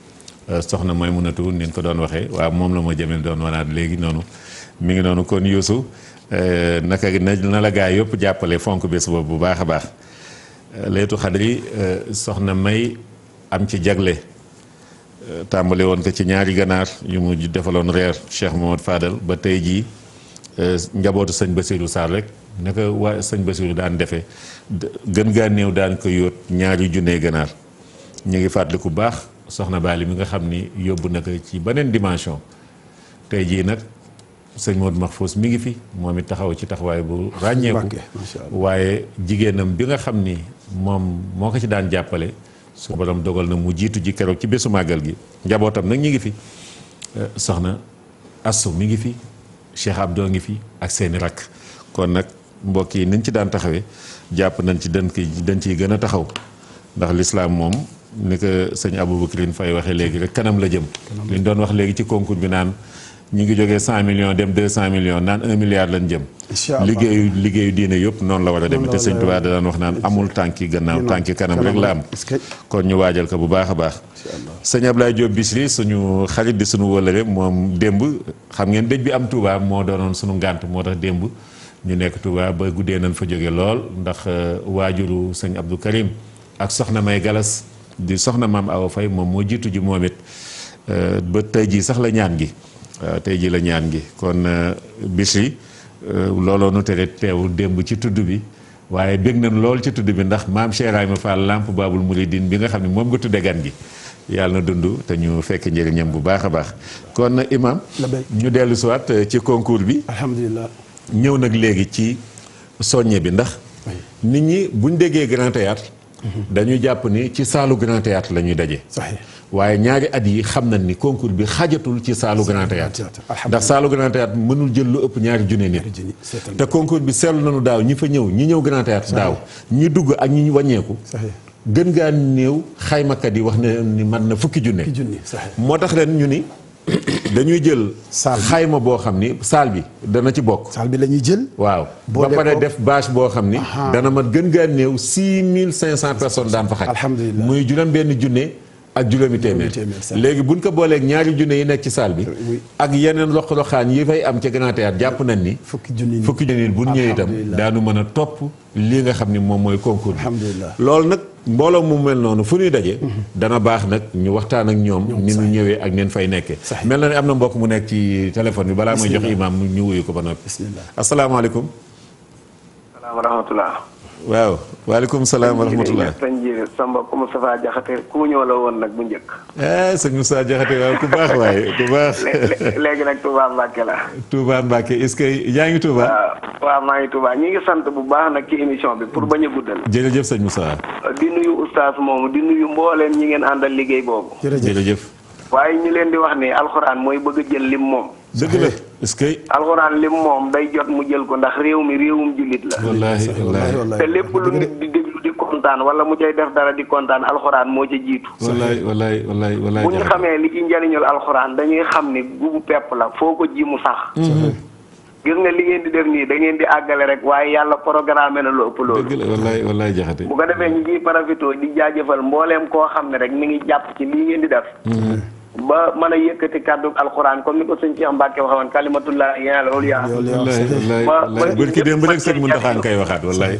euh, soxna mooy mënatu ni ko doon waxe waaw moom la moo Jamil doon wanaat léegi noonu mi ngi noonu kon Youssou Euh, naka na la gaa yëpp jàppale fonk bés boobu bu baax a baax euh, laytu xadri euh, soxna may am ci jagle tàmbale woon ko ci ñaari ganaar yu mu defaloon reer Cheikh Mohamad Fadal ba tey jii njabootu sëñ Basirou Sarr rek naka waa sëñ Basirou daan defee gën gaa néew daan ko yóot ñaari junne ganaar ñu ngi fàttaliku ku baax soxna Baali mi nga xam ni yóbbu na ko ci beneen dimension tey jii nag sëñ Modou Mahfous mi ngi fi moom it taxaw ci taxawaay bu ràññeeku waaye jigéenam bi nga xam ni moom moo ko ci daan jàppale su borom dogal na mu jiitu ji keroog ci bésu màggal gi njabootam nag ñi ngi fi eh, soxna Astou mi ngi fi Cheikh Abdou ngi fi ak seeni rakk kon nag mbokk yi niñ ci daan taxawee jàpp nañ ci dënk dañ ciy gën a taxaw ndax lislaam moom ni ko sëñ Aboubacrine Faye waxe léegi rek kanam la jëm liñ doon wax léegi ci concours bi naan ñu ngi jógee cent million dem deux cent millions naan un milliard lañ jëm. liggéeyu liggéeyu diine yëpp noonu la war a demee te sëñ Tuubaa da daan wax naan amul tànki gannaaw tànki kanam rek la am. kon ñu waajal ko bu baax a baax. sëñ Ablaye Diop Bichri suñu xarit di suñu wëlëre moom démb xam ngeen dëj bi am tubaab moo doonoon suñu ngànt moo tax démb ñu nekk tubaab ba guddee nañ fa jóge lool ndax euh, waajuru sëñ Abdou Karim ak soxna May Galas di soxna maam Awa Faye moom moo jiitu ji moom it euh, ba tey jii sax la ñaan gi. waaw euh, tey ji la ñaan gi kon euh, bis yi euh, looloo nu tere teew démb ci tudd bi waaye bég nañ lool ci tudd bi ndax maam Cheikh ma Fall Lamp Baabul Mouridine bi nga xam ne moom nga tudde gan gi yàlla na dund te ñu fekk njëriñam bu baax a baax kon imam ñu dellu siwaat ci concours bi alhamdulilah ñëw nag léegi ci soññe bi ndax nit ñi buñ déggee grand théâtre mhm. dañuy jàpp ni ci saalu grand théâtre la ñuy daje waaye ñaari at yi xam nañ ni concours bi xajatul ci saalu Grand Théâtre ndax saalu Grand Théâtre mënul jël lu ëpp ñaari junne nit te concours bi seetlu nañu daaw ñi fa ñëw ñi ñëw Grand Théâtre daaw ñi dugg ak ñi wàññeeku gën gaa néew xaymakat yi wax na ni man na fukki junne moo tax leen ñu ni dañuy jël. saal xayma boo xam ni saal bi dana ci bokk. saal bi la ñuy jël. waaw ba pare def bâche boo xam ni. dana mat gën gaa néew six mille cinq cent personnes daan fa xaj. alhamdulilah muy juróom benn junne. ak juróomi téeméer léegi buñ ko booleek ñaari junne yi nekk ci salle bi ak yeneen loq-loqaan yi fay am ca Grand Théâtre jàpp nañ ni fukki junni fukki junni bu ñëwee itam daanu mën a topp lii nga xam ni moom mooy concours bi loolu nag mbooloo mu mel noonu fu ñuy daje mhm. dana baax nag ñu waxtaan ak ñoom ni ñu ñëwee ak neen fay nekkee mel na ne am na mbokk mu nekk ci téléphone bi balaa may jox imam ñu wuyu ko ba noppi asalaamaaleykum wa rahmatullah waaw waaleykum salaam wa rahmatulah sëñ bi Samba ku Moustapha Jaxate ku ñoo la woon nag bu njëkk. Eh, sëñ Moustapha Jaxate waaw ku baax waaye ku baax. léegi nag Touba Mbacke la. tuubaa Mbacke est-ce que yaa ngi Touba. waaw waaw maa ngi Touba ñi ngi sant bu baax nag ci émission bi pour bañ a guddal. jërëjëf sëñ Moussa. di nuyu oustaz moomu di nuyu mbooleem ñi ngeen àndal liggéey boobu. jërëjëf jëf waaye ñi leen di wax ne alxuraan mooy bëgg a jël lim moom. dëgg la est que. alxuraan lim moom day jot mu jël ko ndax réew mi réewum jullit la. wallaahi wallaahi te lépp lu nit di déglu di kontaan wala mu cay def dara di kontaan alxuraan moo ci jiitu. wallaahi wallaahi wallaahi wallaahi. ñu xamee li ci alxuraan dañuy xam ni gubu pepp la foo ji mu sax. Mm-hmm. gis nga li ngeen di def nii da ngeen di àggale rek waaye yàlla programme na lu ëpp loolu. dëgg la jaxate. bu ko defee ñu ciy profité di jaajëfal mbooleem koo xam ne rek mi ngi jàpp ci lii ngeen di def. Mm-hmm. ba mën a yëkkati kàddu alxuraan comme ni ko suñ Cheikh Mbacke waxoon kalimatullah yal ulya bërki démb rek sëñ Muntaxa kay waxaat wallaay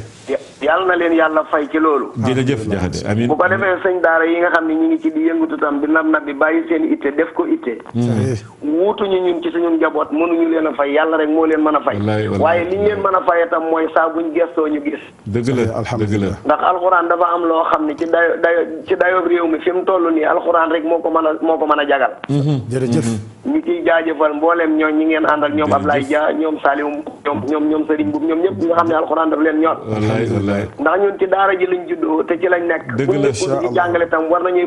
yàlla na leen yàlla fay ci loolu jërëjëf jaxate amiin bu ko defee sëñ daara yi nga xam ne ñi ngi ci di yëngatu tam di nab nab bi bàyyi seen itte def ko itte hmm. wuutuñu ñun ci suñu njaboot mënuñu leen a fay yàlla rek moo leen mën a fay waaye li ñu leen mën a fay tam mooy saa buñ gestoo ñu gis dëgg la dëgg la ndax alxuraan dafa am loo xam ne ci dayo dayo ci dayoob réew mi fi mu toll nii alxuraan a moo jagal mm-hmm. jërëjëf mm-hmm. ñu ciy jaajëfal mbooleem ñoo ñi ngeen àndal ñoom Ablaye Dia ñoom Salim ñoom ñoom ñoom Serigne Boub ñoom ñëpp ñi nga xam ne alxuraan daf leen ñor ndax ñun ci daara ji lañ juddoo te ci lañ nekk dëgg la ñu jàngale tam war nañuy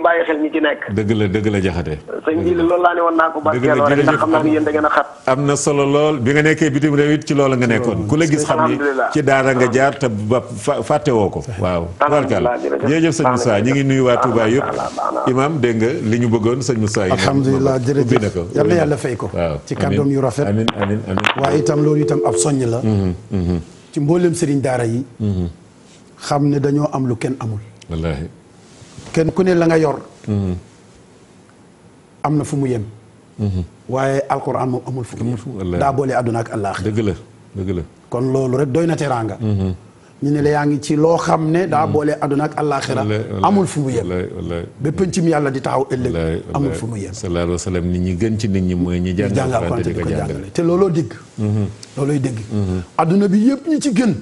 nekk dëgg la dëgg la jaxate sëñ bi loolu laa naa ko barkeeloo da ngeen a xat am na solo nga nekkee bitim réew it ci loolu nga nekkoon ku la gis xam ni ci daara nga ah. jaar te ba fàtte woo ko waaw barkal jërëjëf sëñ Moussa ñi ngi nuyu waa Touba yëpp imam dégg nga li ñu bëggoon sëñ Moussa yi alhamdulilah jërëjëf yàlla yàlla fay ko ci kàddoom yu rafet amiin amiin amiin waaye itam loolu itam ab soññ la mm-hmm, mm-hmm. ci mboolem sëriñ daara yi mm-hmm. xam ne dañoo am lu kenn amul kenn ku ne la nga yor am na fu mu yem waaye alquran moom amul fu mu daa boole àdduna ak àllaaxira dëgg la dëgg la kon loolu rek doy na teraanga ñu ne la yaa ngi ci loo xam ne daa hmm. boole àdduna ak àllaaxira amul fu mu yem ba pëncim yàlla di taxaw ëllëg amul fu mu yem sallallahu alayhi nit ñi gën ci nit ñi mooy ñi jàng alxuraan di ko jàngale te looloo dégg hmm. loolooy dégg hmm. àdduna bi yëpp ñi ci gën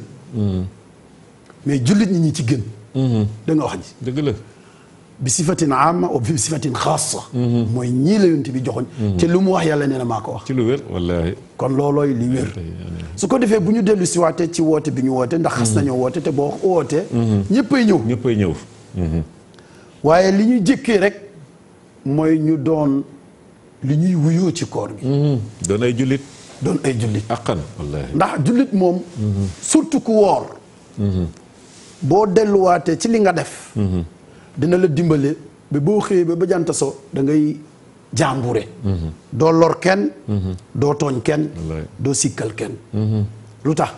mais jullit ñi ñi ci gën da wax ji dëgg la bi sifatin amma wa bi sifatin xaasa mhm. mooy ñii la yonent bi joxoñ mhm. te lu mu wax yàlla nee na maa ko wax ci lu wér wallaahi kon loolooy li wér su ko defee bu ñu dellu si waatee ci woote bi ñu woote ndax xas mhm. nañoo woote te boo wootee ñëppay ñëw ñëppay ñëw waaye li ñuy jëkkee rek mooy ñu doon li ñuy wuyoo ci koor gi doon ay jullit doon ay jullit aqan ndax jullit moom surtout ku woor boo delluwaatee ci li nga def dina la dimbale bi boo xëyee ba ba jant so da ngay jàmbure doo lor kenn doo tooñ kenn doo sikkal kenn mhm. lu tax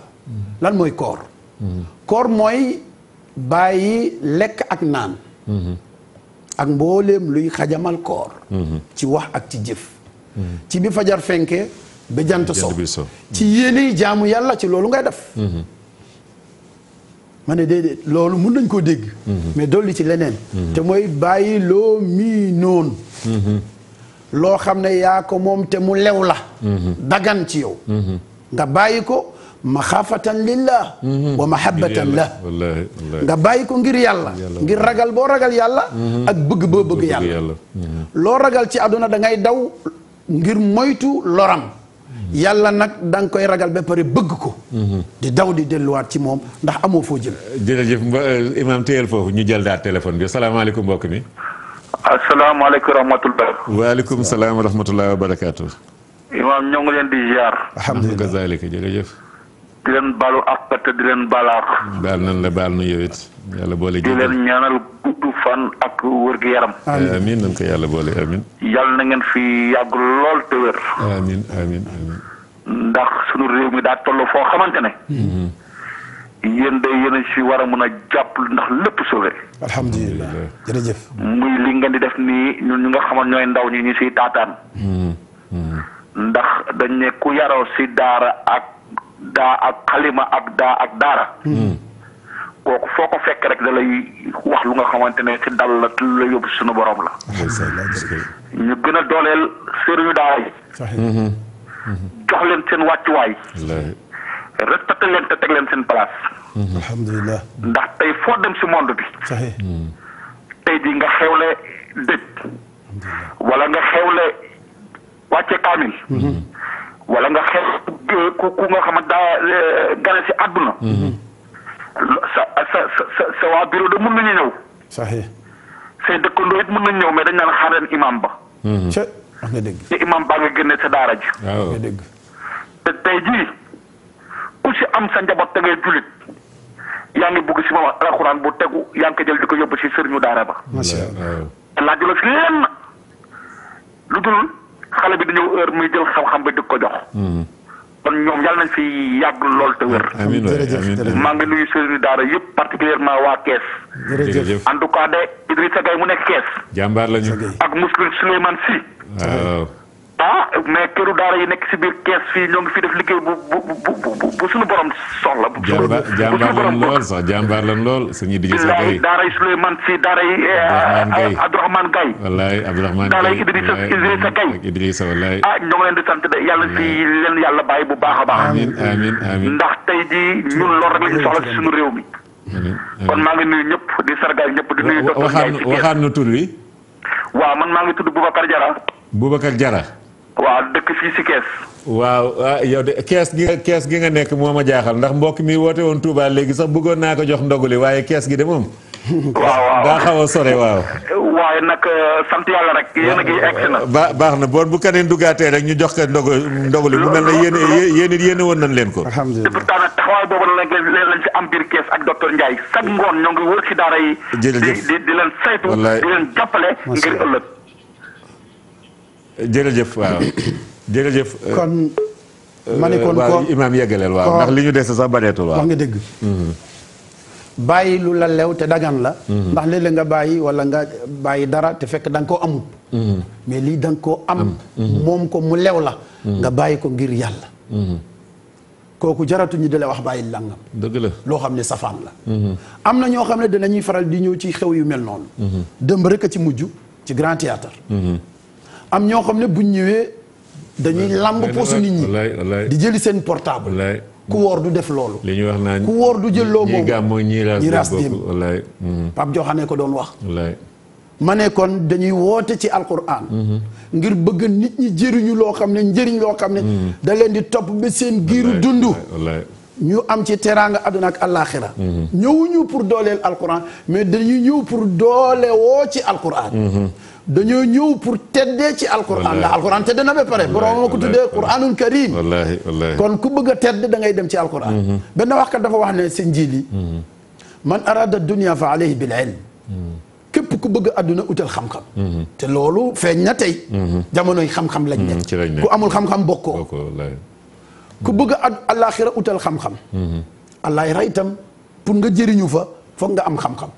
lan mooy koor mhm. koor mooy bàyyi lekk ak naan mhm. ak mbooleem luy xajamal koor ci wax ak ci jëf ci bi fajar fenke ba jant so ci yéene jaamu yàlla ci loolu ngay def ma ne loolu mun nañ koo dégg mhm. mais li ci leneen mhm. te mooy bàyyi loo mii noon mhm. loo xam ne yaa ko moom te mu lew la dagan ci yow nga bàyyi ko maxaafatan lillah wa mahabbatan la nga bàyyi ko ngir yàlla ngir ragal boo ragal yàlla ak bëgg boo bëgg yàlla loo ragal ci àdduna dangay daw ngir moytu loram yàlla nag da nga koy ragal ba pare bëgg ko. Mhm. di daw di delluwaat ci moom ndax amoo foo jëm. jërëjëf euh, imaam téyel foofu ñu jël daal téléphone bi salaamaaleykum mbokk mi. asalaamaaleykum rahmatulah. waaleykum salaam wa rahmatulah wa barakaatu. imaam ñoo ngi leen di ziar. alhamdulilah alhamdulilah di leen baalu ak te di leen balaax. baal nañ la baal na yow yàlla boole. di leen ñaanal gudd fan ak wër gi yaram. amiin nañ ko yàlla boole fi yàgg lool te wér. amiin amiin ndax sunu réew mi daa toll foo xamante ne. Mhm. yéen de yéen a war a mën a jàpp ndax lépp sauvé. alhamdulilah jërëjëf. muy li ngeen di def nii ñu nga xaman ñooy ndaw ñi ñu si taataan. Mhm, mhm. ndax dañ ne ku yaroo si daara ak. daa ak xalima ak daa ak daara hmm. kooku foo ko fekk rek da lay wax lu nga xamante ne ci dal la lu la yóbbu suñu borom la ñu gën a dooleel sëriñu daara yi hmm. jox leen seen wàccuwaay respecté leen te teg leen seen place hmm. alhamdulilah ndax tey foo dem si monde bi tey jii nga xewle dëj wala nga xewle wàcce kaamil wala nga xew ku ku nga xam ne daa eh, gane si àdduna. Mhm. sa sa sa sa waa bureau de mën nañu ñëw. saxee. say dëkkandoo it mën nañu ñëw mais dañ naan xaar leen imam ba. Mhm. ca wax nga dëgg. te imam baa nga génne sa daara ji. waaw nga dëgg. te tey jii ku si am sa njaboot te ngay jullit yaa ngi bugg si moom alxuraan bu tegu yaa jël di ko yóbbu si sëriñu daara ba. macha allah laajuloo si lu dul. xale bi dañoo heure muy jël xam-xam bi di ko jox. Hmm. kon ñoom yàlla nañ fi yàgg lool te wér. amiin amiin maa ngi nuyu sëriñ daara yëpp particulièrement waa Kees. jërëjëf en tout cas de Idrissa Gueye mu nekk Kees. jàmbaar lañu. ak Mouslim Souleymane Sy. waaw. ah mais këru daara yi nekk si biir kees fii ñoo ngi fi def liggéey bu bu bu bu suñu borom soxla. bu suñu borom jàmbaar lan lool sax jàmbaar lan lool suñuy digg sa gay. daara yi ah ñoo ngi leen di de yàlla si leen yàlla bàyyi bu baax a baax. amiin amiin ndax tey jii ñun loolu rek lañu soxla si suñu réew mi. kon maa ngi nuyu ñëpp di sargal ñëpp di nuyu. waxaan waxaan na wi. waaw man maa ngi tudd Boubacar Diarra. Boubacar Diarra. waaw dëkk fii si kees. waaw ah yow de kees gi kees gi nga nekk moo ma jaaxal ndax mbokk mi woote woon Touba léegi sax bëggoon naa ko jox ndoguli waaye kees gi de moom. [laughs] waaw xaw a sore waaw. waaye nag euh, sant baax na bon bu keneen dugaatee rek ñu jox ko ndogu ndoguli mu mel ne yéen yéen it woon nañ leen ko. alhamdulilah ngoon ñoo ngi wër ci daara yi. di di leen saytu. di leen jàppale ngir ëllëg. jërëjëf waaw [coughs] jërëjëf. Euh, kon euh, ma ne kon waaw imaam yeggaleel waaw ndax li ñu des sa bareetul waaw. wax nga dëgg. Mm-hmm. bàyyi lu la lew te dagan la. Mm-hmm. ndax léeg-léeg nga bàyyi wala nga bàyyi dara te fekk da nga koo amul. Mm-hmm. mais lii da nga koo am. moom ko mu lew la. nga bàyyi ko ngir yàlla. kooku jaratu ñu la wax bàyyi langam. dëgg la loo xam ne safaan la. am na ñoo xam ne ñuy faral di ñëw ci xew yu mel noonu. dëmb rek a ci mujj ci grand théâtre am ñoo xam ne buñ ñëwee dañuy làmb posu nit ñi di jëli seen portable kuwoor du def loolu li ñuy wax naan ku du jël loo moom ñi gàmmoo ñi raas dem wallaay hmm. Pape Joxane ko doon wax ma ne kon dañuy woote ci alquran hmm. ngir bëgg nit ñi jëriñu loo xam ne njëriñ loo xam ne hmm. da leen di topp ba seen giiru dund ñu am ci teraanga àdduna ak àllaaxira ñëwuñu pour dooleel alquran mais dañuy ñëw pour doole woo ci alquran dañoo ñëw pour teddee ci alquran ndax alquran tedd na ba pare borom ma ko tuddee quranul karim wallaahi wallaahi kon ku bëgg a tedd da ngay dem ci alquran mm-hmm. benn wax waxkat dafa wax ne seen njiili mm-hmm. man arada dunia fa alayhi bil mm-hmm. képp ku bëgg àdduna utal xam-xam te loolu feeñ na tey jamonoy xam-xam lañ ne ku amul xam-xam bokkoo ku bëgg a àllaaxira utal xam-xam àllaaxira itam pour nga jëriñu fa foog nga am xam-xam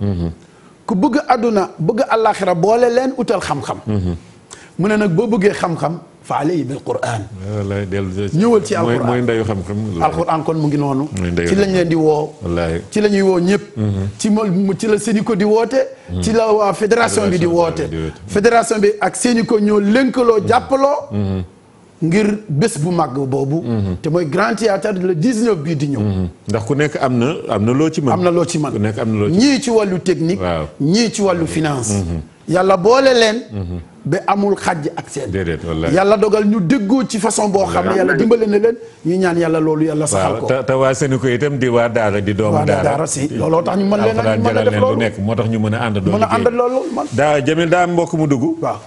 ku bëgg àdduna bëgg àllaaxira boole leen utal xam-xam mhm. mu ne nag boo bëggee xam-xam fa alayhi bil quraan ñëwal ci alquran mooy ndeyu xam-xam alquran kon mu ngi noonu ci lañ leen di woo ci la ñuy woo ñëpp mhm. ci mol ci la Sénico di woote mhm. ci la waa fédération bi di woote fédération bi ak Sénico ñoo lënkaloo jàppaloo ngir bés bu màgg boobu. Mhm. te mooy grand théâtre le 19 bii di ñëw. Mhm. ndax ku nekk am na am na loo ci mën. am na loo ci mën ku am na loo ci ñii ci wàllu technique. ñii ci wàllu mhm. finance. yàlla boole leen. ba amul xàjj ak seen. déedéet wallaahi yàlla dogal ñu déggoo ci façon boo xam ne yàlla dimbale na leen ñu ñaan yàlla loolu yàlla. saxal ko waaw te waa seen ko itam di waa Daara di doomu Daara Daara si looloo tax ñu mën a ñu mën a nekk moo tax ñu mën a ànd. mën a loolu man daa Jamil daa mbokk mu dugg. waaw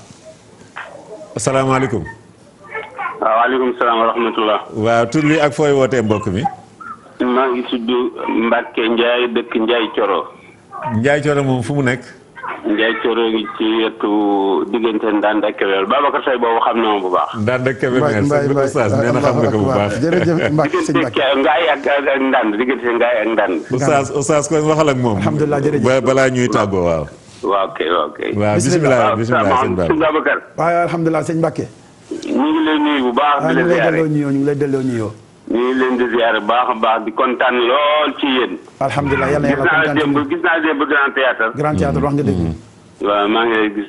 asalaamaaleykum. waaw waaleykum salaam wa rahmatullah. ak fooy wootee mbokk mi. maa ngi tudd Mbacke Ndiaye dëkk Ndiaye Coro. Ndiaye Coro moom fu mu nekk. Ndiaye Coro ngi ci wetu diggante Ndanda Kébémer Babacar Seye boobu xam na ma bu baax. Ndanda Kébémer sëñ bi Oustaz nee a xam na ko bu baax. jërëjëf Mbacke sëñ Mbacke diggante Ngaye ak ak Ndand diggante Ngaye ak Ndand. Oustaz Oustaz kon waxal ak moom. balaa ñuy tàggoo waaw. waaw kay waaw kay. bisimilah alhamdulilah sëñ Mbacke. ñu ngi lay nuyu bu baax. di ah, la ziare ñu ngi lay delloo nuyoo ñu ngi leen di ziare bu baax a baax di kontaan lool ci yéen. alhamdulilah yàlla yàlla kontaan gis naa démb gis naa démb grand théâtre. grand théâtre wax nga dëgg. Mm-hmm. waaw maa ngi lay gis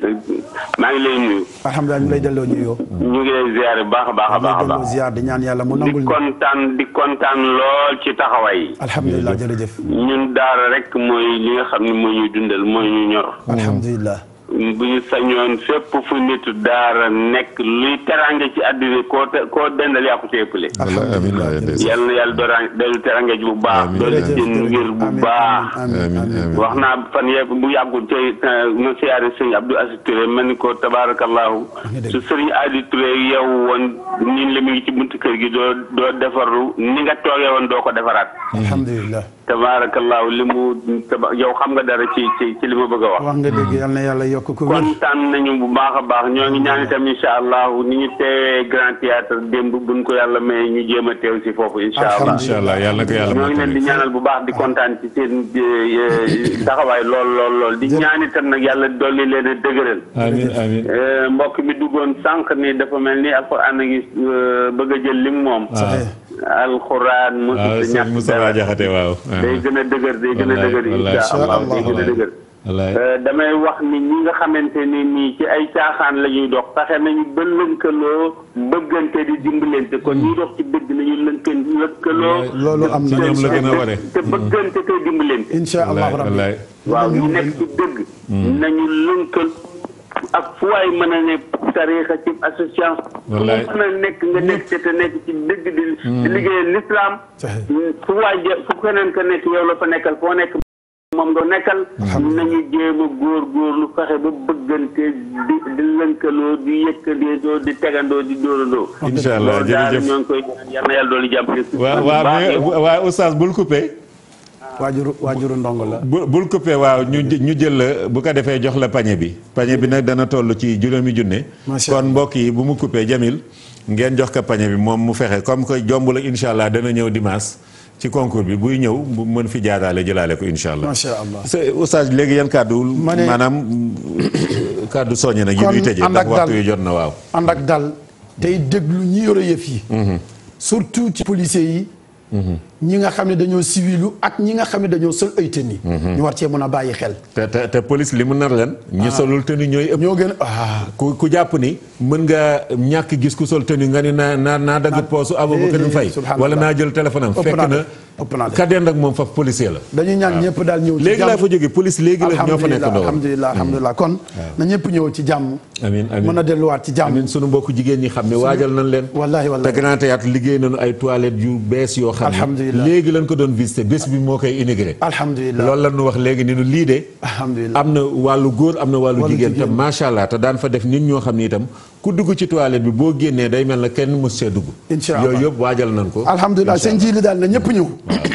maa ngi lay nuyu. alhamdulilah ñu ngi lay delloo nuyoo. ñu ngi lay ziare bu baax a baax a baax. ñu ngi lay delloo ziare di ñaan yàlla mu nangul di kontaan di kontaan lool ci taxawaay yi. alhamdulilah jërëjëf. ñun daara rek mooy li nga xam ne moo ñuy dundal moo ñu ñor. alhamdulilah. bu ñu sañoon fépp fu nit daara nekk luy terange ci àddina koo koo dendal yaa ko ci ëppale yal yàlla doora dellu teraange ji bu baax doolu seen ngir bu baax wax naa fan yee bu yàggul tey euh, ma siyaare sëñ Abdou Aziz Touré ma ni ko tabaarakallaahu su sëriñ Adi Touré yow woon niin li mu ci buntu kër gi doo doo defaru ni nga toogee woon doo ko defaraat tabaarakallaahu li mu yow xam nga dara ci ci ci li ma bëgg a wax. wax nga dëgg yal yàlla yokk ko. kontaan nañu bu baax a baax ñoo ngi ñaan itam incha allah ni ñu teewee grand théâtre bu buñ ko yàlla may ñu jéem a teew si foofu. incha allah incha allah yàlla ko yàlla ñoo ngi leen di ñaanal bu baax di kontaan ci seen eh, taxawaay lool lool lool di ñaan itam nag yàlla dolli leen a dëgëral. Eh, mbokk mi duggoon sànq ni dafa mel ni alxuraan ànd ngi eh, bëgg a jël lim moom. Ah. alxuraan mosu. waaw ah, Moussa Diakhaté waaw. day gën a dëgër day gën a dëgër. incha allah day gën a dëgër. Euh, damay wax ni ñi nga xamante ni nii ci ay saaxaan la ñuy dox taxe nañu ba lënkaloo bëggante di dimbalante kon ñuy hmm. dox ci dëgg nañu lënkal lëkkaloo. loolu am na ñoom la gën a waree te bëggante te dimbalante. incha allah waaw ñu nekk ci dëgg. Hmm. nañu lënkal. ak fu waay mën a ne tariixa ci association. wallaay fu mën a nekk nga nekk te nekk ci dëgg di. Hmm. di liggéeyal l'islam. fu waay fu keneen ka nekk yow la fa nekkal foo nekk. moom nga nekkal. nañu góor góor lu fexe ba bëggante di di lënkaloo di yëkkandeedoo di tegandoo di dóorandoo. incha allah jërëjëf loolu daal ñoo ngi koy ñaan yal na yàlla doolu jàmm. waaw waaw mais waaw bul coupé. waajuru waajuru ndongo la. bu bul coupé waaw ñu ñu jël la bu ko defee jox la pañe bi pañe bi nag dana toll ci juróomi junne. kon mbokk yi bu mu coupé Jamil ngeen jox ko pañe bi moom mu fexe comme que jomb la incha allah dana ñëw dimanche. ci concours bi buy ñëw bu mën fi jaadaale jëlaale ko incha allah. macha allah oustaz léegi yan kàddu. ma maanaam [coughs] kàddu soññe nag. yi ñuy tëjee ndax waxtu yu jot na waaw. ànd ak dal tey déglu ñi yore yëf yi. Mhm. surtout ci policiers yi. Mhm. ñi nga xam ne dañoo civilu ak ñi nga xam ne dañoo sol ay tenue mhm. ñu war cee mën a bàyyi xel. te te police li mu nar leen. ñi ah. solul tenue ñooy ëpp. ñoo gën a ah, ku ku jàpp ni mën nga ñàkk gis ku sol tenue nga ni naa naa naa dagg ah. poosu Aboubacar eh, Faye wala naa jël téléphone am fekk na. ëpp naa ka dend ak moom faf policier la. dañuy ñaan ñëpp daal ñëw ci jàmm léegi laa fa jógee police léegi la ñoo fa nekk mm. na ñëpp ñëw ci jàmm. amiin amiin mën ci sunu mbokk jigéen ñi xam ne waajal nañ leen. wallaahi wallaahi te Grand Théâtre liggéey nañu ay toilettes yu yoo léegi lañ ko doon visité bés bi moo koy inauguré. alhamdulilah loolu la ñu wax léegi ni nu lii de. alhamdulilah am na wàllu góor am na wàllu jigéen te macha allah te daan fa def nit ñoo xam ni itam ku dugg ci toilette bi boo génnee day mel na kenn mos see dugg. incha allah yooyu yëpp waajal nañ ko. alhamdulilah seen ji li daal na ñëpp ñëw.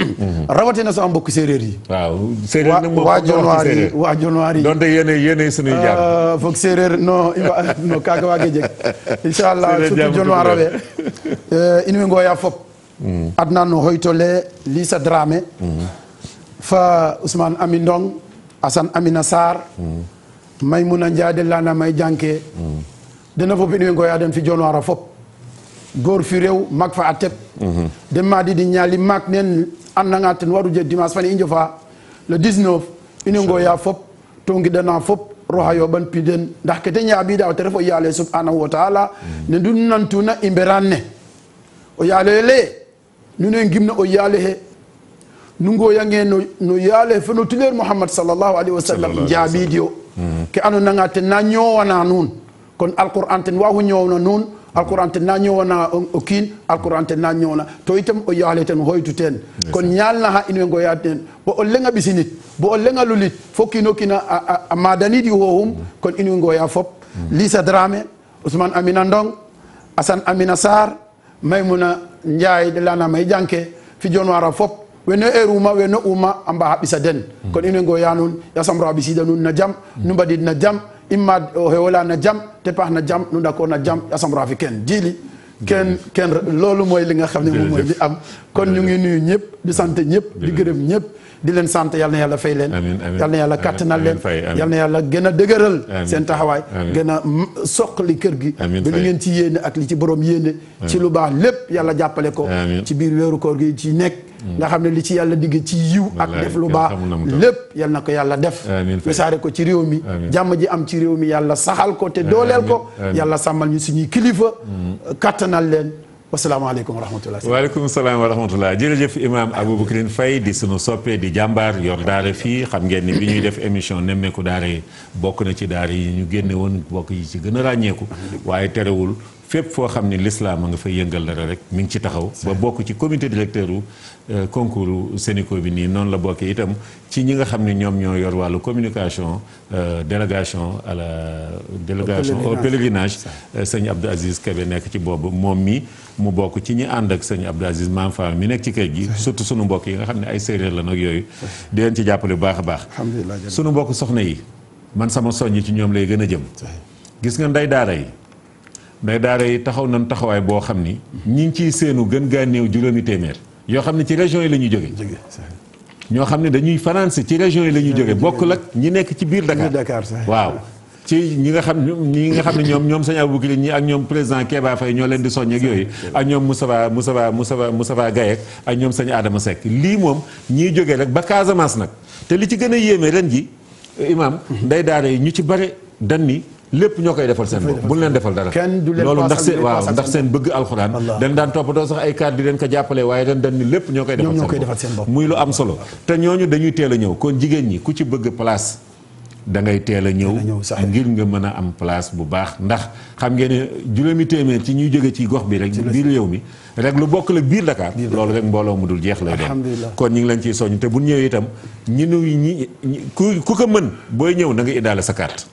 [coughs] rawatina sama mbokk séeréer yi. waaw séeréer nag moom waa jonoar yi waa jonoar yi. donte yéenay yéenay suñuy euh, jaar. foog séeréer non [laughs] non kaaga waage jeg [laughs] incha allah surtout jonoar adnan o hoytole lisa dramé fa ousmane ami ndong assane amina sar maymuna ndiade lanamay janke dena fof ene goyaden fi joni fop goor fi rew mak fa a teb den madiɗi ñaali mak nen annanga ten waɗuje dimanche fane injo fa le 19 ine goya fop to giɗana fop roha yoɓan piden dah kete ñaaɓiɗa o tere fo yaale subhanahu wa ne ndun nantuna imberan ne o yaaloyo leye nune gimna o yaale he nungo yange no, no yaale fe no tuler mouhammad sallllahu alayhi wa sallam jaabiidi mm-hmm. ke ano nanga ten na ñowana nuun alquran ten wahu ñowna nuun alquran ten na ñowana o kiin ten na ñowna to ten kon ñaalna ha in we ngoyaad bo o lenga bo o lulit fo kiino kiina a hohum kon in ngoya fop mm-hmm. lisa dramé ousmane amina ndong assane amina sarr maymouna njaay ɗe lanama e janke fijon wara fof wonno heure uma wonno uma amba haɓɓisa den hmm. kono ine goya nun yasamro haɓisida nun na jaam hmm. nu mbaɗid na jaam imma hewola na jaam tepax na jaam nu ndako na jaam yasamro afi ken diili kenn kenn loolu mooy li nga xam ne moom mooy li am kon ñu ngi nuyu ñëpp di sant ñëpp di gërëm ñëpp di leen sant yal na yàlla fay leen yal na yàlla kàttanal leen yal na yàlla gën a dëgëral seen taxawaay gën a soqali kër gi ba li ngeen ci yéene ak li ci borom yéene ci lu baax lépp yàlla jàppale ko ci biir weeru koor gi ci nekk mm. nga xam ne li ci yàlla digg ci yiw ak def lu baax lépp yal na ko yàlla def wesaare ko ci réew mi jàmm ji am ci réew mi yàlla saxal ko te dooleel ko yàlla sàmmal ñu suñuy kilifa mm. kàttanal leen wasalaamaaleykum rahmatulah. waaleykum salaam wa rahmatulah jërëjëf imaam Aboubacrine Faye di sunu soppe di jàmbaar yor daara fii xam ngeen ni ñuy def émission nemmeeku daara yi bokk na ci daara yi ñu génne woon bokk yi ci gën a ràññeeku waaye terewul. fépp foo xam ne l'islam a nga fay yëngal dara rek mi ngi ci taxaw ba bokk ci comité directeur u euh, concours Sénico bi nii noonu la bokkee itam ci ñi nga xam ne ñoom ñoo yor wàllu communication euh, délégation a la délégation au pèlerinage euh, sëñ Abdou Aziz Kébé nekk ci boobu moom mii mu bokk ci ñi ànd ak sëñ Abdou Aziz Maam Fall mi nekk ci kër gi surtout sunu mbokk yi nga xam ne ay séeréer la nag yooyu di ci jàppale bu baax a baax sunu mbokk soxna yi man sama soññ ci ñoom lay gën a jëm gis nga nday daara yi nday daara yi taxaw nan taxawaay boo xam ni ñi ngi ciy seenu gën gaa néew juróomi téeméer yoo xam ne ci région yi la ñuy jóge ñoo xam ne dañuy financé ci région yi la ñuy jóge bokk lak ñi nekk ci biir Dakar waaw ci ñi nga xam ñi nga xam ne ñoom ñoom sëñ Aboubacry ñi ak ñoom président Kéba Faye ñoo leen di soññ ak yooyu ak ñoom Moustapha Moustapha Moustapha Moustapha Gaye ak ñoom sëñ Adama Seck lii moom ñiy jóge rek ba Casamance nag te li ci gën a yéeme ren ji imam nday daara yi ñu ci bare dan ni lépp ñoo koy defal seen bopp bu leen defal dara loolu ndax seen waaw ndax seen bëgg alxuraan dañ daan toppatoo sax ay cadre di leen ko jàppale waaye dañ dañ ni lépp ñoo koy defal seen bopp muy lu am solo te ñooñu dañuy teel a ñëw kon jigéen ñi ku ci bëgg place da ngay teel a ñëw ngir nga mën a am place bu baax ndax xam ngeen ne juróomi téeméer ci ñuy jóge ci gox bi rek biir yow mi rek lu bokk la biir Dakar loolu rek mbooloo mu dul jeex lay doon kon ñu ngi leen ciy soññ te bu ñëwee itam ñi nuy ñi ku ku ko mën booy ñëw na nga indaale sa carte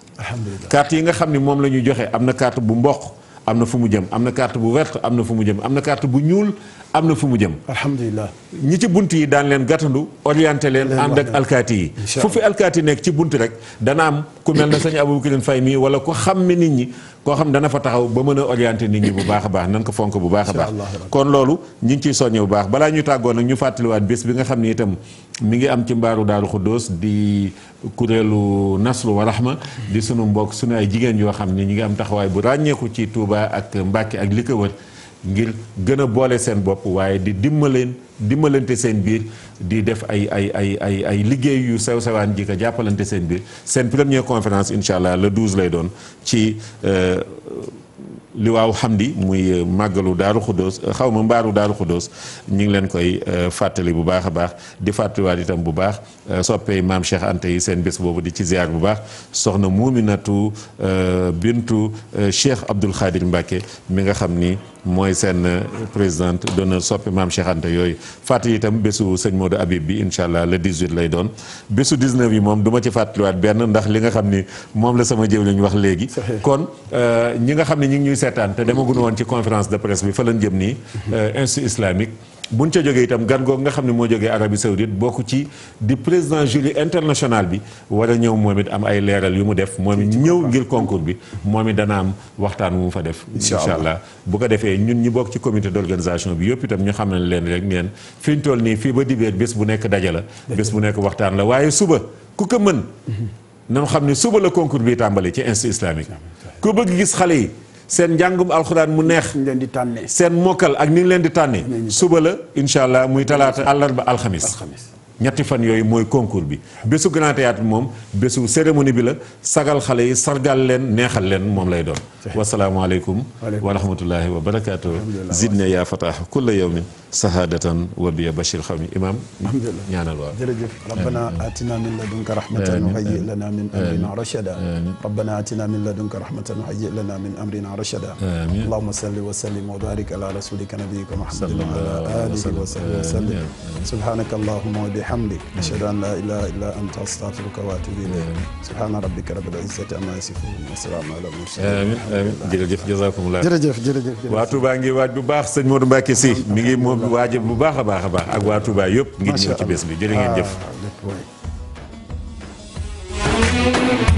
carte yi nga xam ne moom la ñuy joxe am na carte bu mboq am na fu mu jëm am na carte bu verte am na fu mu jëm am na carte bu ñuul am na fu mu jëm. alhamdulilah ñi ci bunt yi daan leen gàttandu orienté leen. ànd ak alkaati yi. fu fi alkaati nekk ci bunt rek dana am ku mel ne sëñ Aboubacar fay mii wala ko xam ne nit ñi koo xam dana fa taxaw ba mën a orienté nit ñi bu baax a baax nan ko fonk bu baax a baax. kon loolu ñu ngi ciy soññe bu baax balaa ñu tàggoo nag ñu fàttaliwaat bés bi nga xam ne itam mi ngi am ci mbaaru Daaru Xuddoos di. kuréelu nasru wa rahma di suñu mbokk suñu ay jigéen yoo xam ne ñu ngi am taxawaay bu ràññeeku ci Touba ak Mbacke ak li ko wër ngir gën a boole seen bopp waaye di dimbaleen dimbalante seen biir di def ay ay ay ay ay liggéey yu sew sewaan ji ko jàppalante seen biir seen première conférence incha allah le 12 lay doon ci. Euh, liwaaw xamdi muy euh, màggalu daaru xuddoos euh, xaw ma mbaaru daaru xuddoos ñu ngi leen koy euh, fàttali bu baax a baax di fàttaliwaat itam bu baax soppee maam Cheikh Anta yi seen bés boobu di ci ziar bu baax soxna muuminatu bintu Cheikh Abdoul Khadir Mbacke mi nga xam ni mooy seen présidente d'honneur soppe maam Cheikh Anta yooyu fàttali itam bésu sëñ Modou Habib bi incha allah le 18 lay doon bésu 19 yi moom du ma ci fàttaliwaat benn ndax li nga xam ni moom la sama jëw lañ wax léegi kon ñi nga xam ne ñi ngi ñuy seetaan te demaguñu woon ci conférence de presse bi fa lañ jëm nii. Euh, institut islamique. buñ ca jógee itam gan googu nga xam ne moo jógee Arabie Saoudite bokk ci di président jury international bi war a ñëw moom it am ay leeral yu mu def moom it ñëw ngir concours bi moom it dana am waxtaan wu mu fa def incha allah bu ko defee ñun ñi bokk ci comité d'organisation bi yëpp itam ñu xam ne leen rek neen fi ñu toll nii fii ba dibéer bés bu nekk daje bés bu nekk waxtaan la waaye suba ku ko mën nan xam ne suba la concours bi tàmbali ci institut seen njàngum alxuraan mu neex. leen di tànnee seen mokkal ak ni leen di tànnee. suba la incha allah muy talaata àllarba alxamis. ñetti fan yooyu mooy concours bi bésu grand théâtre bi moom bésu cérémonie bi la sagal xale yi sargal leen neexal leen moom lay doon wasalaamualeykum wa rahmatullahi wa barakaatu zidna yaa fataax kulla yawmin sahaadatan wa biya bashir xawmi imaam. alhamdulilah ñaanal waaw jërëjëf. rabbana atina min ladunka rahmatan wa hayyi lana min amrina rashada. rabbana atina min ladunka rahmatan wa hayyi lana min amrina rashada. allahumma salli wa sallim wa barik ala rasulika nabiyyika muhammadin wa ala alihi wa sahbihi wa sallim. subhanaka allahumma wa bihamdik. ashhadu an la ilaha illa anta astaghfiruka wa atubu ilayk. subhana rabbika rabbil izzati amma yasifun wa salamun ala al-mursalin. amiin amiin jërëjëf jazakumullah. jërëjëf jërëjëf. waa Touba ngi waaj bu baax sëñ Modou Mbacke si mi ngi ko waajal bu baax a baax a baax ak waa Touba yëpp ngir ñëw ci bés bi jërë ngeen ah, jëf.